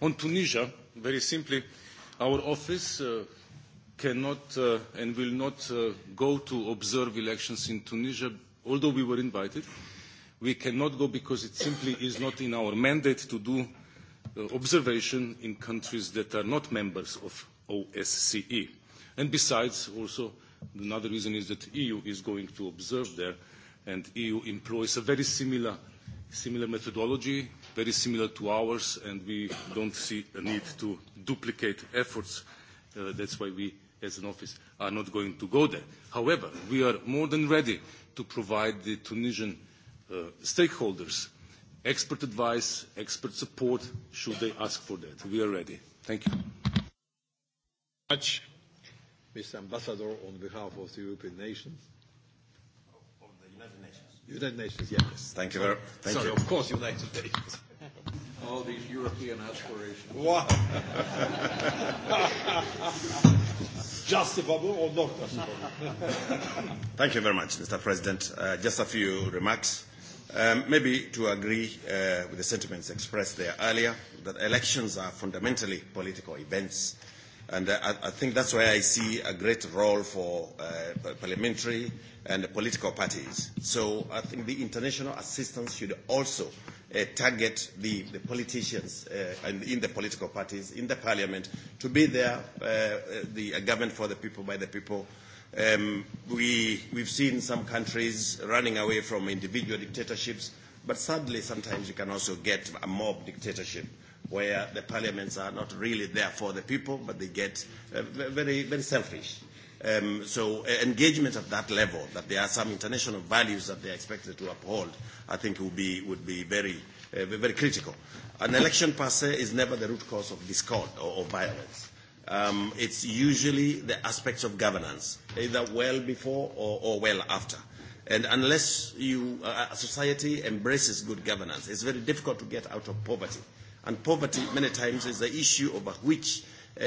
On Tunisia, very simply, our office uh, cannot uh, and will not uh, go to observe elections in Tunisia, although we were invited. We cannot go because it simply is not in our mandate to do uh, observation in countries that are not members of OSCE. And besides, also, another reason is that EU is going to observe there, and EU employs a very similar similar methodology, very similar to ours, and we don't see a need to duplicate efforts. Uh, that's why we, as an office, are not going to go there. However, we are more than ready to provide the Tunisian uh, stakeholders expert advice, expert support, should they ask for that. We are ready. Thank you. Much, Mr. Ambassador, on behalf of the European nations. United Nations, yes. yes. Thank you very much. Sorry, Thank sorry you. of course, United Nations. All these European aspirations. Wow. just a bubble or not just a bubble? Thank you very much, Mr. President. Uh, just a few remarks. Um, maybe to agree uh, with the sentiments expressed there earlier, that elections are fundamentally political events. Uh, And uh, I, I think that's where I see a great role for uh, parliamentary and political parties. So I think the international assistance should also uh, target the, the politicians uh, and in the political parties, in the parliament, to be there, uh, uh the a uh, government for the people, by the people. Um, we, we've seen some countries running away from individual dictatorships, but sadly sometimes you can also get a mob dictatorship where the parliaments are not really there for the people, but they get uh, very, very selfish. Um, so uh, engagement at that level, that there are some international values that they are expected to uphold, I think would be, would be very, uh, very critical. An election per se is never the root cause of discord or, or violence. Um, it's usually the aspects of governance, either well before or, or well after. And unless you, uh, society embraces good governance, it's very difficult to get out of poverty. Uh, And poverty, many times, is the issue over which uh,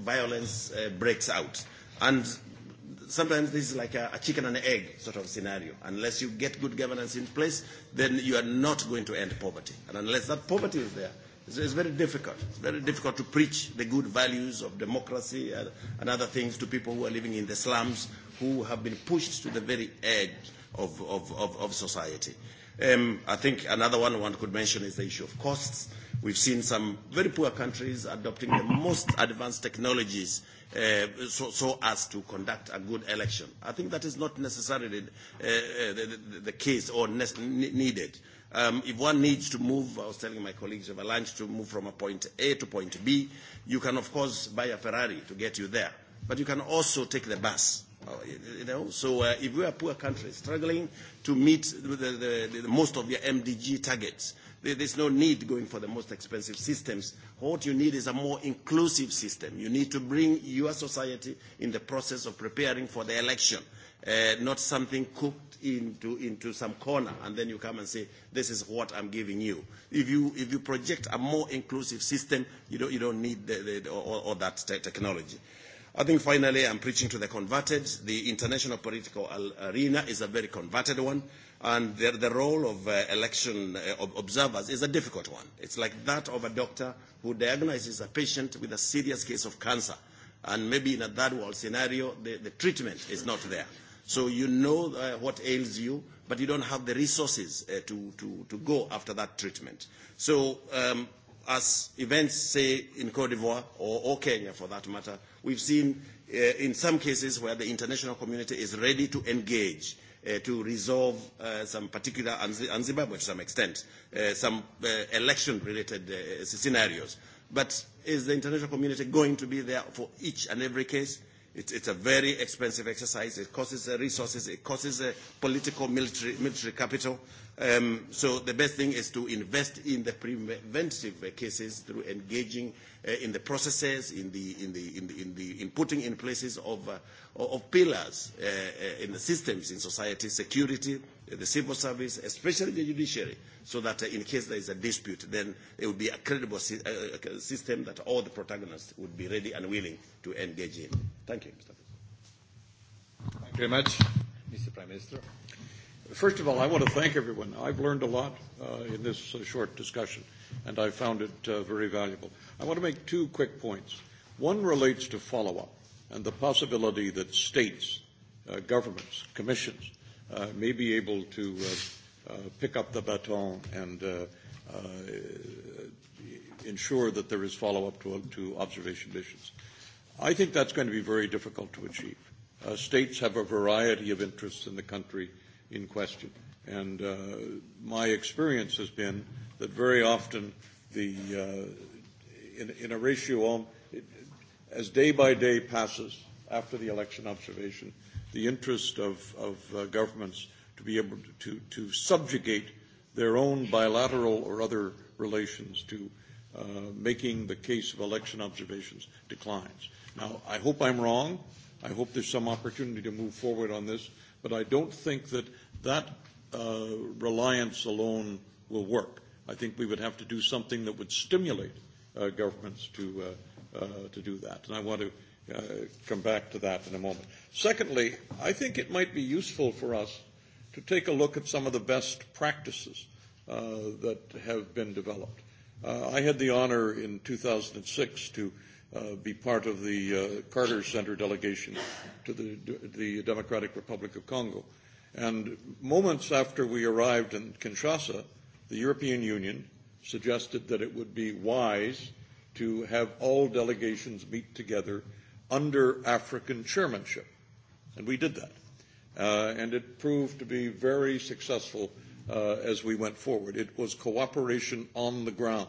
violence uh, breaks out. And sometimes this is like a, a chicken and egg sort of scenario. Unless you get good governance in place, then you are not going to end poverty. And unless that poverty is there, it's, it's very difficult. It's very difficult to preach the good values of democracy and, and other things to people who are living in the slums, who have been pushed to the very edge of, of, of, of society. Um, I think another one one could mention is the issue of costs We've seen some very poor countries adopting the most advanced technologies uh, so, so as to conduct a good election. I think that is not necessarily uh, the, the, the case or ne- needed. Um, if one needs to move, I was telling my colleagues over lunch, to move from a point A to point B, you can, of course, buy a Ferrari to get you there. But you can also take the bus. Oh, you know, so uh, if we are poor countries struggling to meet the, the, the, the most of your MDG targets, uh, There's no need going for the most expensive systems. What you need is a more inclusive system. You need to bring your society in the process of preparing for the election, uh, not something cooked into, into some corner and then you come and say, this is what I'm giving you. If you, if you project a more inclusive system, you don't, you don't need the, the, the, all, all that te technology. I think finally I'm preaching to the converted. The international political arena is a very converted one. Uh, And the, the role of uh, election uh, observers is a difficult one. It's like that of a doctor who diagnoses a patient with a serious case of cancer. And maybe in a third world scenario, the, the treatment is not there. So you know uh, what ails you, but you don't have the resources uh, to, to, to go after that treatment. So um, as events, say, in Cote d'Ivoire or, or Kenya for that matter, we've seen uh, in some cases where the international community is ready to engage uh, uh, to resolve uh, some particular, and Zimbabwe to some extent, uh, some uh, election-related uh, scenarios. But is the international community going to be there for each and every case? It's, it's a very expensive exercise. It costs uh, resources. It costs uh, political, military, military capital. Um, so the best thing is to invest in the preventive uh, cases through engaging uh, in the processes, in the in the in the in, the, in putting in places of uh, of pillars uh, uh, in the systems in society, security, the civil service, especially the judiciary, so that uh, in case there is a dispute, then it would be a credible si uh, uh system that all the protagonists would be ready and willing to engage in. Thank you, Mr. President. Thank you very much, Mr. Prime Minister. First of all, I want to thank everyone. I've learned a lot uh, in this uh, short discussion, and I found it uh, very valuable. I want to make two quick points. One relates to follow-up and the possibility that states, uh, governments, commissions uh, may be able to uh, uh, pick up the baton and uh, uh, ensure that there is follow-up to, to observation missions. I think that's going to be very difficult to achieve. Uh, states have a variety of interests in the country in question. And uh, my experience has been that very often the, uh, in, in a ratio as day by day passes after the election observation, the interest of, of uh, governments to be able to, to subjugate their own bilateral or other relations to uh, making the case of election observations declines. Now, I hope I'm wrong. I hope there's some opportunity to move forward on this, but I don't think that that uh, reliance alone will work. I think we would have to do something that would stimulate uh, governments to uh, uh, to do that. And I want to uh, come back to that in a moment. Secondly, I think it might be useful for us to take a look at some of the best practices uh, that have been developed. Uh, I had the honor in 2006 to uh, be part of the uh, Carter Center delegation to the, the Democratic Republic of Congo. And moments after we arrived in Kinshasa, the European Union suggested that it would be wise to have all delegations meet together under African chairmanship. And we did that. Uh, and it proved to be very successful uh, as we went forward. It was cooperation on the ground.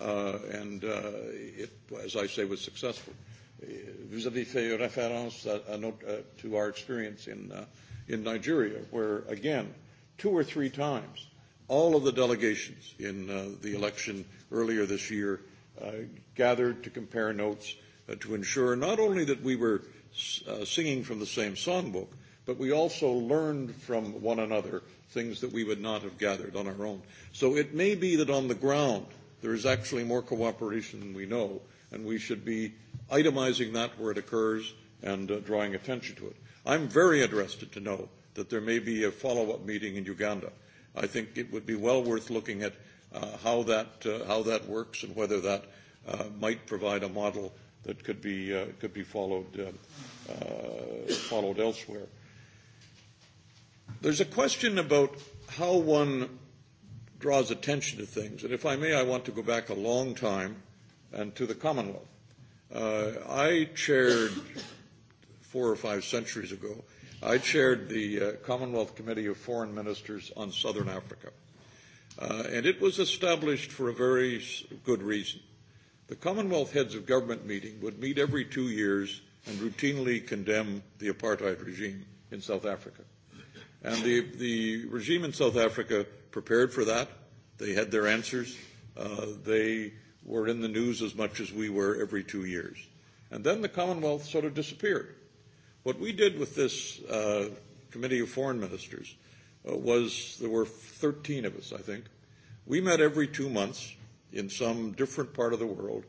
Uh, and uh, it, as I say, was successful. Uh, vous avez fait référence à, à notre, uh, to our experience in, uh, in Nigeria, where, again, two or three times, all of the delegations in uh, the election earlier this year uh, gathered to compare notes uh, to ensure not only that we were uh, singing from the same songbook, but we also learned from one another things that we would not have gathered on our own. So it may be that on the ground there is actually more cooperation than we know, and we should be itemizing that where it occurs and uh, drawing attention to it. I'm very interested to know that there may be a follow-up meeting in Uganda. I think it would be well worth looking at uh, how, that, uh, how that works and whether that uh, might provide a model that could be, uh, could be followed, uh, uh, followed elsewhere. There's a question about how one draws attention to things. And if I may, I want to go back a long time and to the Commonwealth. Uh, I chaired four or five centuries ago, I chaired the uh, Commonwealth Committee of Foreign Ministers on Southern Africa. Uh, Uh, and it was established for a very good reason. The Commonwealth Heads of Government meeting would meet every two years and routinely condemn the apartheid regime in South Africa. And the, the regime in South Africa prepared for that. They had their answers. Uh, they were in the news as much as we were every two years. And then the Commonwealth sort of disappeared. What we did with this uh, Committee of Foreign Ministers – uh, was there were 13 of us, I think. We met every two months in some different part of the world,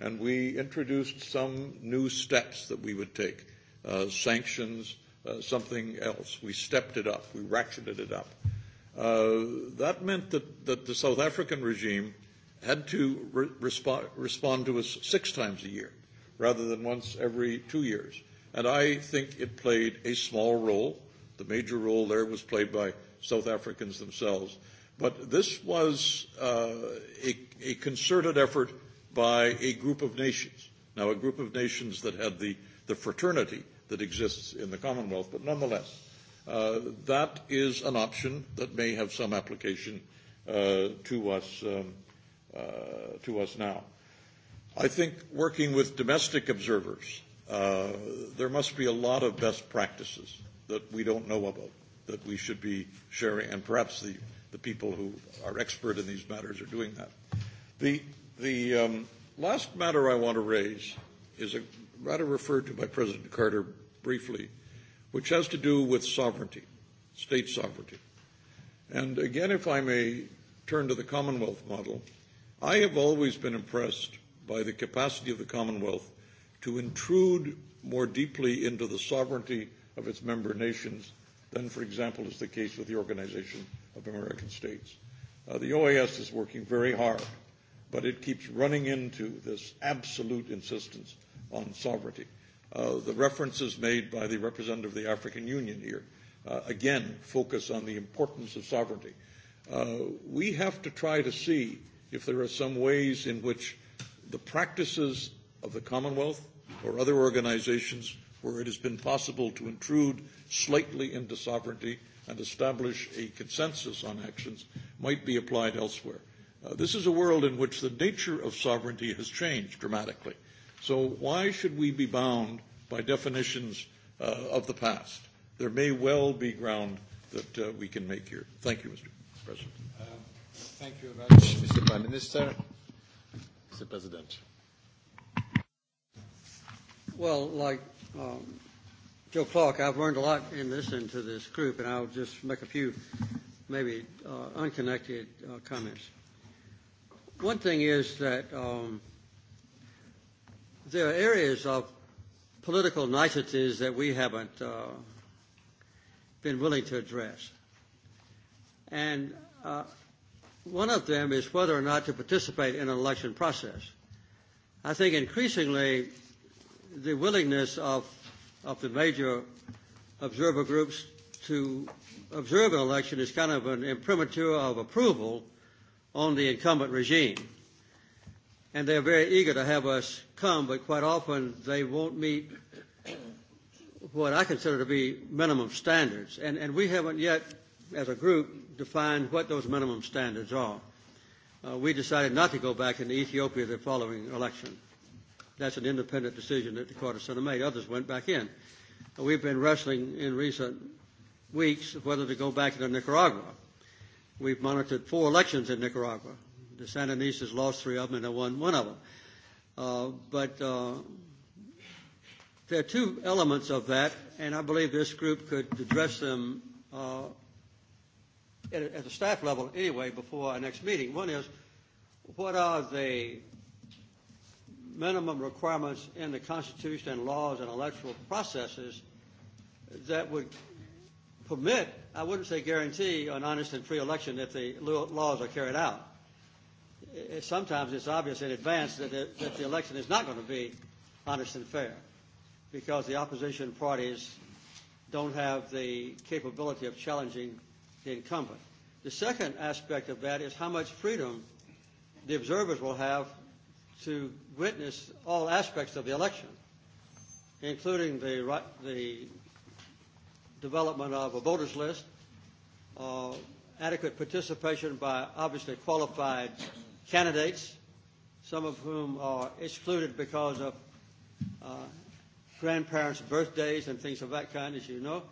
and we introduced some new steps that we would take, uh, sanctions, uh, something else. We stepped it up. We ratcheted it up. Uh, that meant that, that the South African regime had to re- respo- respond to us six times a year rather than once every two years. And I think it played a small role The major role there was played by South Africans themselves. But this was uh, a, a concerted effort by a group of nations. Now, a group of nations that had the, the fraternity that exists in the Commonwealth, but nonetheless, uh, that is an option that may have some application uh, to us um, uh, to us now. I think working with domestic observers, uh, there must be a lot of best practices that we don't know about that we should be sharing, and perhaps the, the people who are expert in these matters are doing that. The, the um, last matter I want to raise is a matter referred to by President Carter briefly, which has to do with sovereignty, state sovereignty. And again, if I may turn to the Commonwealth model, I have always been impressed by the capacity of the Commonwealth to intrude more deeply into the sovereignty of its member nations than, for example, is the case with the Organization of American States. Uh, the OAS is working very hard, but it keeps running into this absolute insistence on sovereignty. Uh, the references made by the representative of the African Union here, uh, again, focus on the importance of sovereignty. Uh, we have to try to see if there are some ways in which the practices of the Commonwealth or other organizations where it has been possible to intrude slightly into sovereignty and establish a consensus on actions might be applied elsewhere. Uh, this is a world in which the nature of sovereignty has changed dramatically. So why should we be bound by definitions uh, of the past? There may well be ground that uh, we can make here. Thank you, Mr. President. Uh, thank you very much, Mr. Prime Minister. Mr. President. Well, like um, Joe Clark, I've learned a lot in listening to this group, and I'll just make a few maybe uh, unconnected uh, comments. One thing is that um, there are areas of political niceties that we haven't uh, been willing to address. And uh, one of them is whether or not to participate in an election process. I think increasingly the willingness of, of the major observer groups to observe an election is kind of an imprimatur of approval on the incumbent regime. And they're very eager to have us come, but quite often they won't meet what I consider to be minimum standards. And, and we haven't yet, as a group, defined what those minimum standards are. Uh, we decided not to go back into Ethiopia the following election. That's an independent decision that the Carter Center made. Others went back in. We've been wrestling in recent weeks whether to go back into Nicaragua. We've monitored four elections in Nicaragua. The Sandinistas lost three of them and they won one of them. Uh, but uh, there are two elements of that, and I believe this group could address them uh, at, at the staff level anyway before our next meeting. One is, what are the minimum requirements in the Constitution and laws and electoral processes that would permit, I wouldn't say guarantee, an honest and free election if the laws are carried out. Sometimes it's obvious in advance that the, that the election is not going to be honest and fair because the opposition parties don't have the capability of challenging the incumbent. The second aspect of that is how much freedom the observers will have to witness all aspects of the election, including the, the development of a voters list, uh, adequate participation by obviously qualified candidates, some of whom are excluded because of uh, grandparents' birthdays and things of that kind, as you know,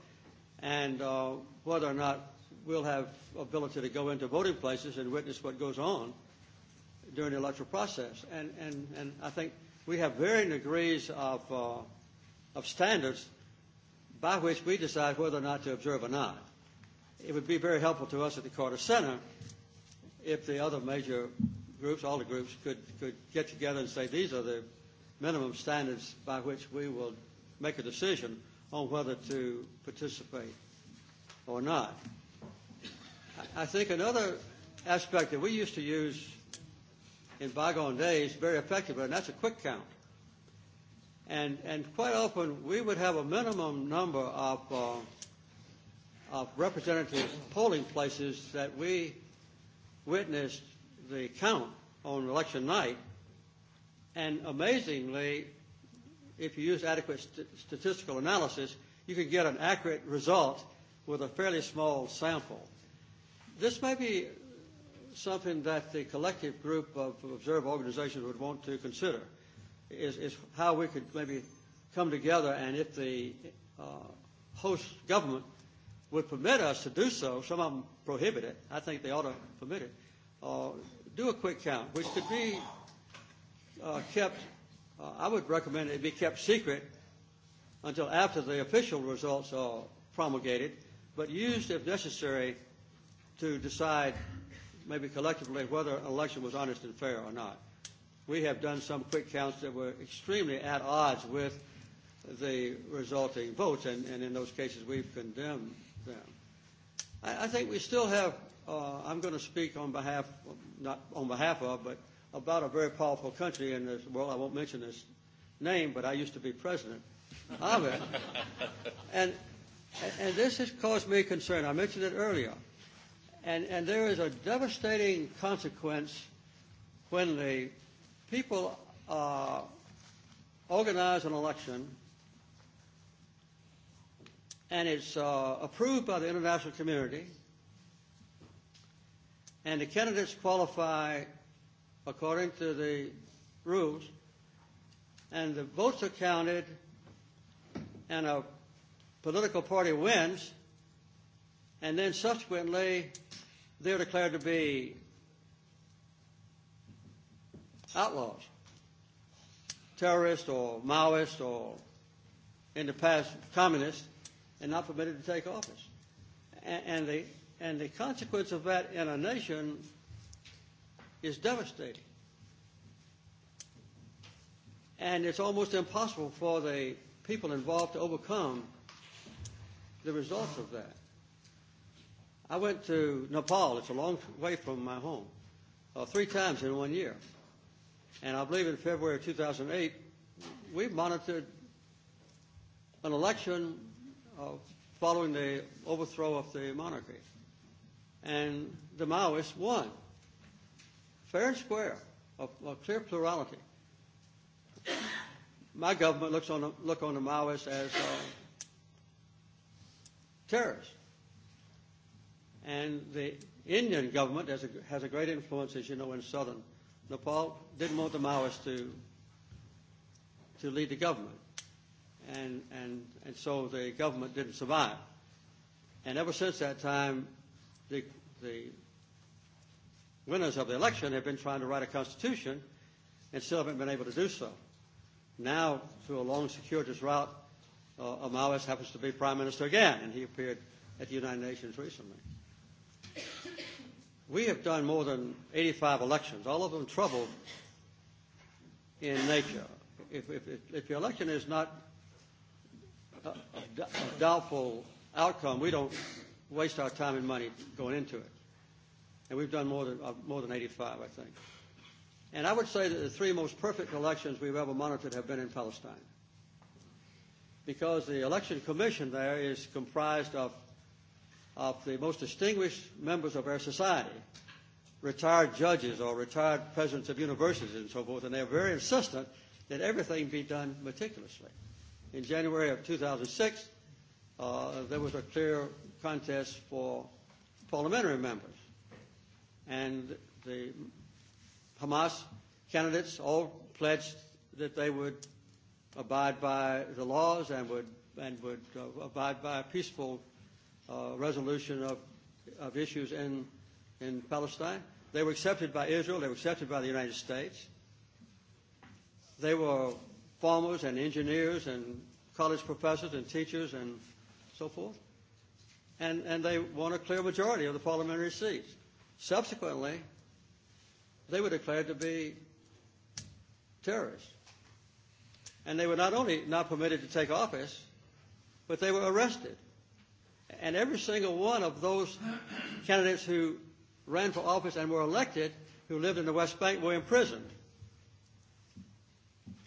and uh, whether or not we'll have ability to go into voting places and witness what goes on. Uh, during the electoral process. And, and, and I think we have varying degrees of, uh, of standards by which we decide whether or not to observe or not. It would be very helpful to us at the Carter Center if the other major groups, all the groups, could, could get together and say these are the minimum standards by which we will make a decision on whether to participate or not. I think another aspect that we used to use in bygone days very effectively, and that's a quick count. And, and quite often we would have a minimum number of, uh, of representative polling places that we witnessed the count on election night. And amazingly, if you use adequate st- statistical analysis, you can get an accurate result with a fairly small sample. This may be something that the collective group of observer organizations would want to consider is, is how we could maybe come together and if the uh, host government would permit us to do so, some of them prohibit it, I think they ought to permit it, uh, do a quick count, which could be uh, kept, uh, I would recommend it be kept secret until after the official results are promulgated, but used if necessary to decide maybe collectively, whether an election was honest and fair or not. We have done some quick counts that were extremely at odds with the resulting votes, and, and in those cases we've condemned them. I, I think we still have, uh, I'm going to speak on behalf, not on behalf of, but about a very powerful country in this world. I won't mention its name, but I used to be president of it. and, and this has caused me concern. I mentioned it earlier. And, and there is a devastating consequence when the people uh, organize an election and it's uh, approved by the international community and the candidates qualify according to the rules and the votes are counted and a political party wins – and then subsequently they're declared to be outlaws, terrorists or Maoists or in the past communists, and not permitted to take office. And, and, the, and the consequence of that in a nation is devastating. And it's almost impossible for the people involved to overcome the results of that. I went to Nepal. It's a long way from my home. Uh, three times in one year. And I believe in February 2008, we monitored an election uh, following the overthrow of the monarchy. And the Maoists won, fair and square, a, a clear plurality. My government looks on the, look on the Maoists as uh, terrorists. And the Indian government has a, has a great influence, as you know, in southern Nepal. Didn't want the Maoists to, to lead the government. And, and, and so the government didn't survive. And ever since that time, the, the winners of the election have been trying to write a constitution and still haven't been able to do so. Now, through a long, circuitous route, uh, Amawas happens to be prime minister again, and he appeared at the United Nations recently. We have done more than 85 elections, all of them troubled in nature. If, if, if your election is not a, a doubtful outcome, we don't waste our time and money going into it. And we've done more than, uh, more than 85, I think. And I would say that the three most perfect elections we've ever monitored have been in Palestine. Because the election commission there is comprised of of the most distinguished members of our society, retired judges or retired presidents of universities and so forth, and they're very insistent that everything be done meticulously. In January of 2006, uh, there was a clear contest for parliamentary members, and the Hamas candidates all pledged that they would abide by the laws and would and would uh, abide by a peaceful uh, resolution of, of issues in, in Palestine. They were accepted by Israel. They were accepted by the United States. They were farmers and engineers and college professors and teachers and so forth. And, and they won a clear majority of the parliamentary seats. Subsequently, they were declared to be terrorists. And they were not only not permitted to take office, but they were arrested And every single one of those candidates who ran for office and were elected who lived in the West Bank were imprisoned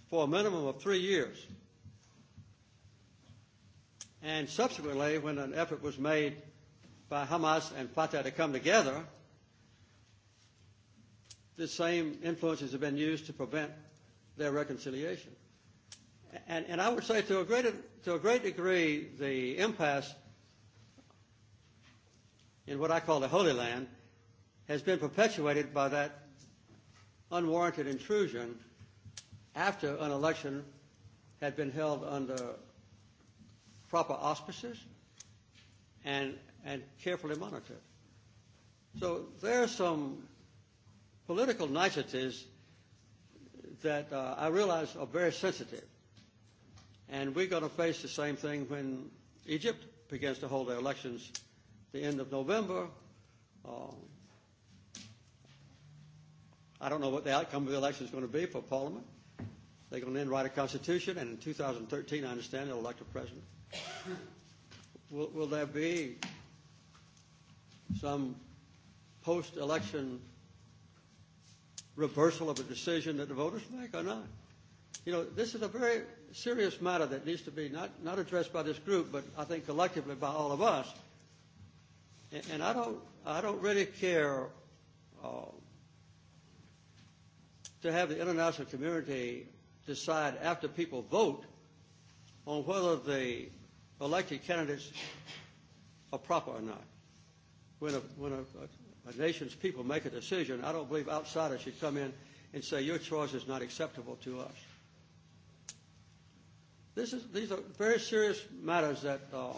for a minimum of three years. And subsequently, when an effort was made by Hamas and Fatah to come together, the same influences have been used to prevent their reconciliation. And, and I would say to a, great, to a great degree, the impasse in what I call the Holy Land has been perpetuated by that unwarranted intrusion after an election had been held under proper auspices and, and carefully monitored. So there are some political niceties that uh, I realize are very sensitive. And we're going to face the same thing when Egypt begins to hold their elections the end of November. Uh, I don't know what the outcome of the election is going to be for Parliament. They're going to then write a constitution, and in 2013, I understand, they'll elect a president. Will, will there be some post-election reversal of a decision that the voters make or not? You know, this is a very serious matter that needs to be not, not addressed by this group, but I think collectively by all of us And, and I don't, I don't really care uh, to have the international community decide after people vote on whether the elected candidates are proper or not. When a, when a, a, a nation's people make a decision, I don't believe outsiders should come in and say your choice is not acceptable to us. This is, these are very serious matters that uh,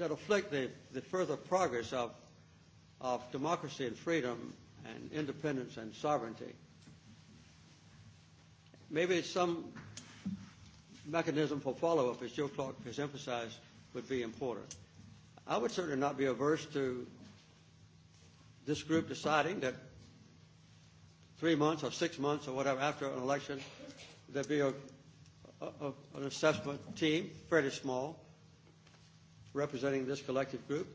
that reflect the, the further progress of, of democracy and freedom and independence and sovereignty. Maybe some mechanism for follow-up, as Joe Clark has emphasized, would be important. I would certainly not be averse to this group deciding that three months or six months or whatever after an election, there'd be a, a, a, an assessment team, fairly small, representing this collective group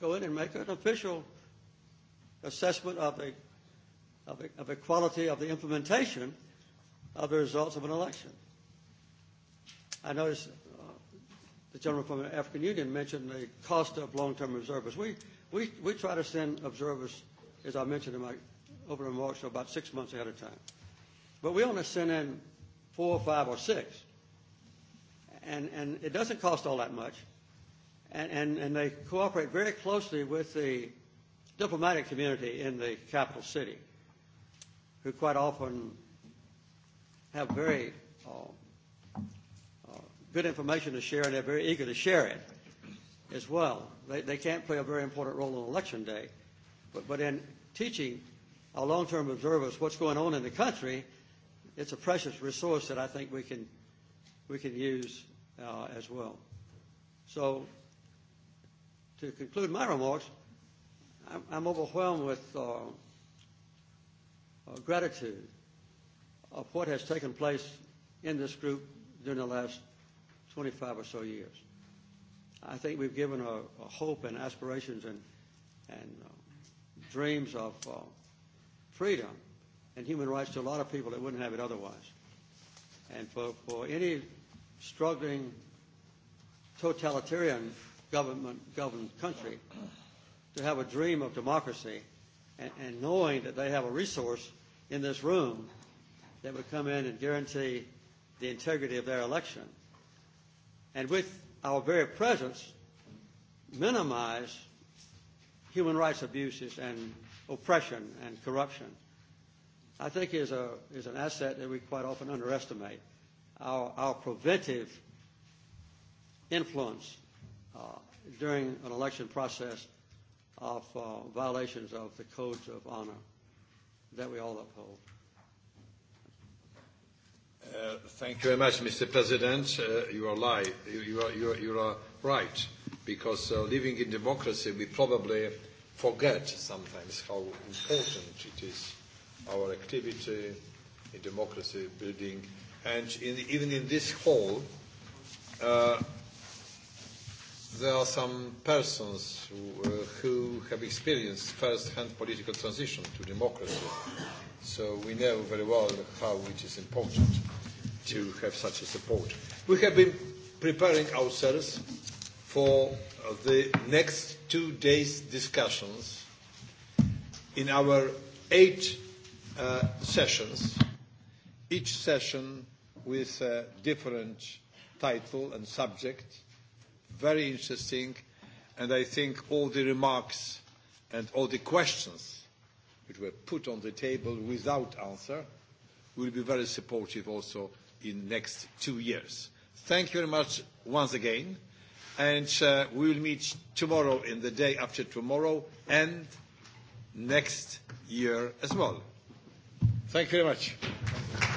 go in and make an official assessment of the, of, the, of the quality of the implementation of the results of an election. I noticed uh, the gentleman from the African Union mentioned the cost of long-term observers. We, we, we try to send observers, as I mentioned in my opening remarks, about six months ahead of time. But we only send in four, five, or six. And, and it doesn't cost all that much and, and, and they cooperate very closely with the diplomatic community in the capital city, who quite often have very uh, uh, good information to share and they're very eager to share it as well. They, they can't play a very important role on election day, but, but in teaching our long-term observers what's going on in the country, it's a precious resource that I think we can, we can use uh, as well. So to conclude my remarks, I'm, I'm overwhelmed with uh, uh, gratitude of what has taken place in this group during the last 25 or so years. I think we've given a, a hope and aspirations and, and uh, dreams of uh, freedom and human rights to a lot of people that wouldn't have it otherwise. And for, for any struggling totalitarian government-governed country to have a dream of democracy and, and knowing that they have a resource in this room that would come in and guarantee the integrity of their election. And with our very presence, minimize human rights abuses and oppression and corruption. I think is, a, is an asset that we quite often underestimate, our, our preventive influence uh, during an election process of uh, violations of the codes of honor that we all uphold. Uh, thank you very much, Mr. President. Uh, you, are li- you, are, you, are, you are right, because uh, living in democracy, we probably forget sometimes how important it is, our activity in democracy building. And in, even in this hall, uh, there are some persons who, uh, who have experienced first-hand political transition to democracy. So we know very well how it is important to have such a support. We have been preparing ourselves for uh, the next two days' discussions in our eight uh, sessions, each session with a different title and subject – very interesting, and I think all the remarks and all the questions which were put on the table without answer will be very supportive also in next two years. Thank you very much once again, and uh, we will meet tomorrow in the day after tomorrow and next year as well. Thank you very much.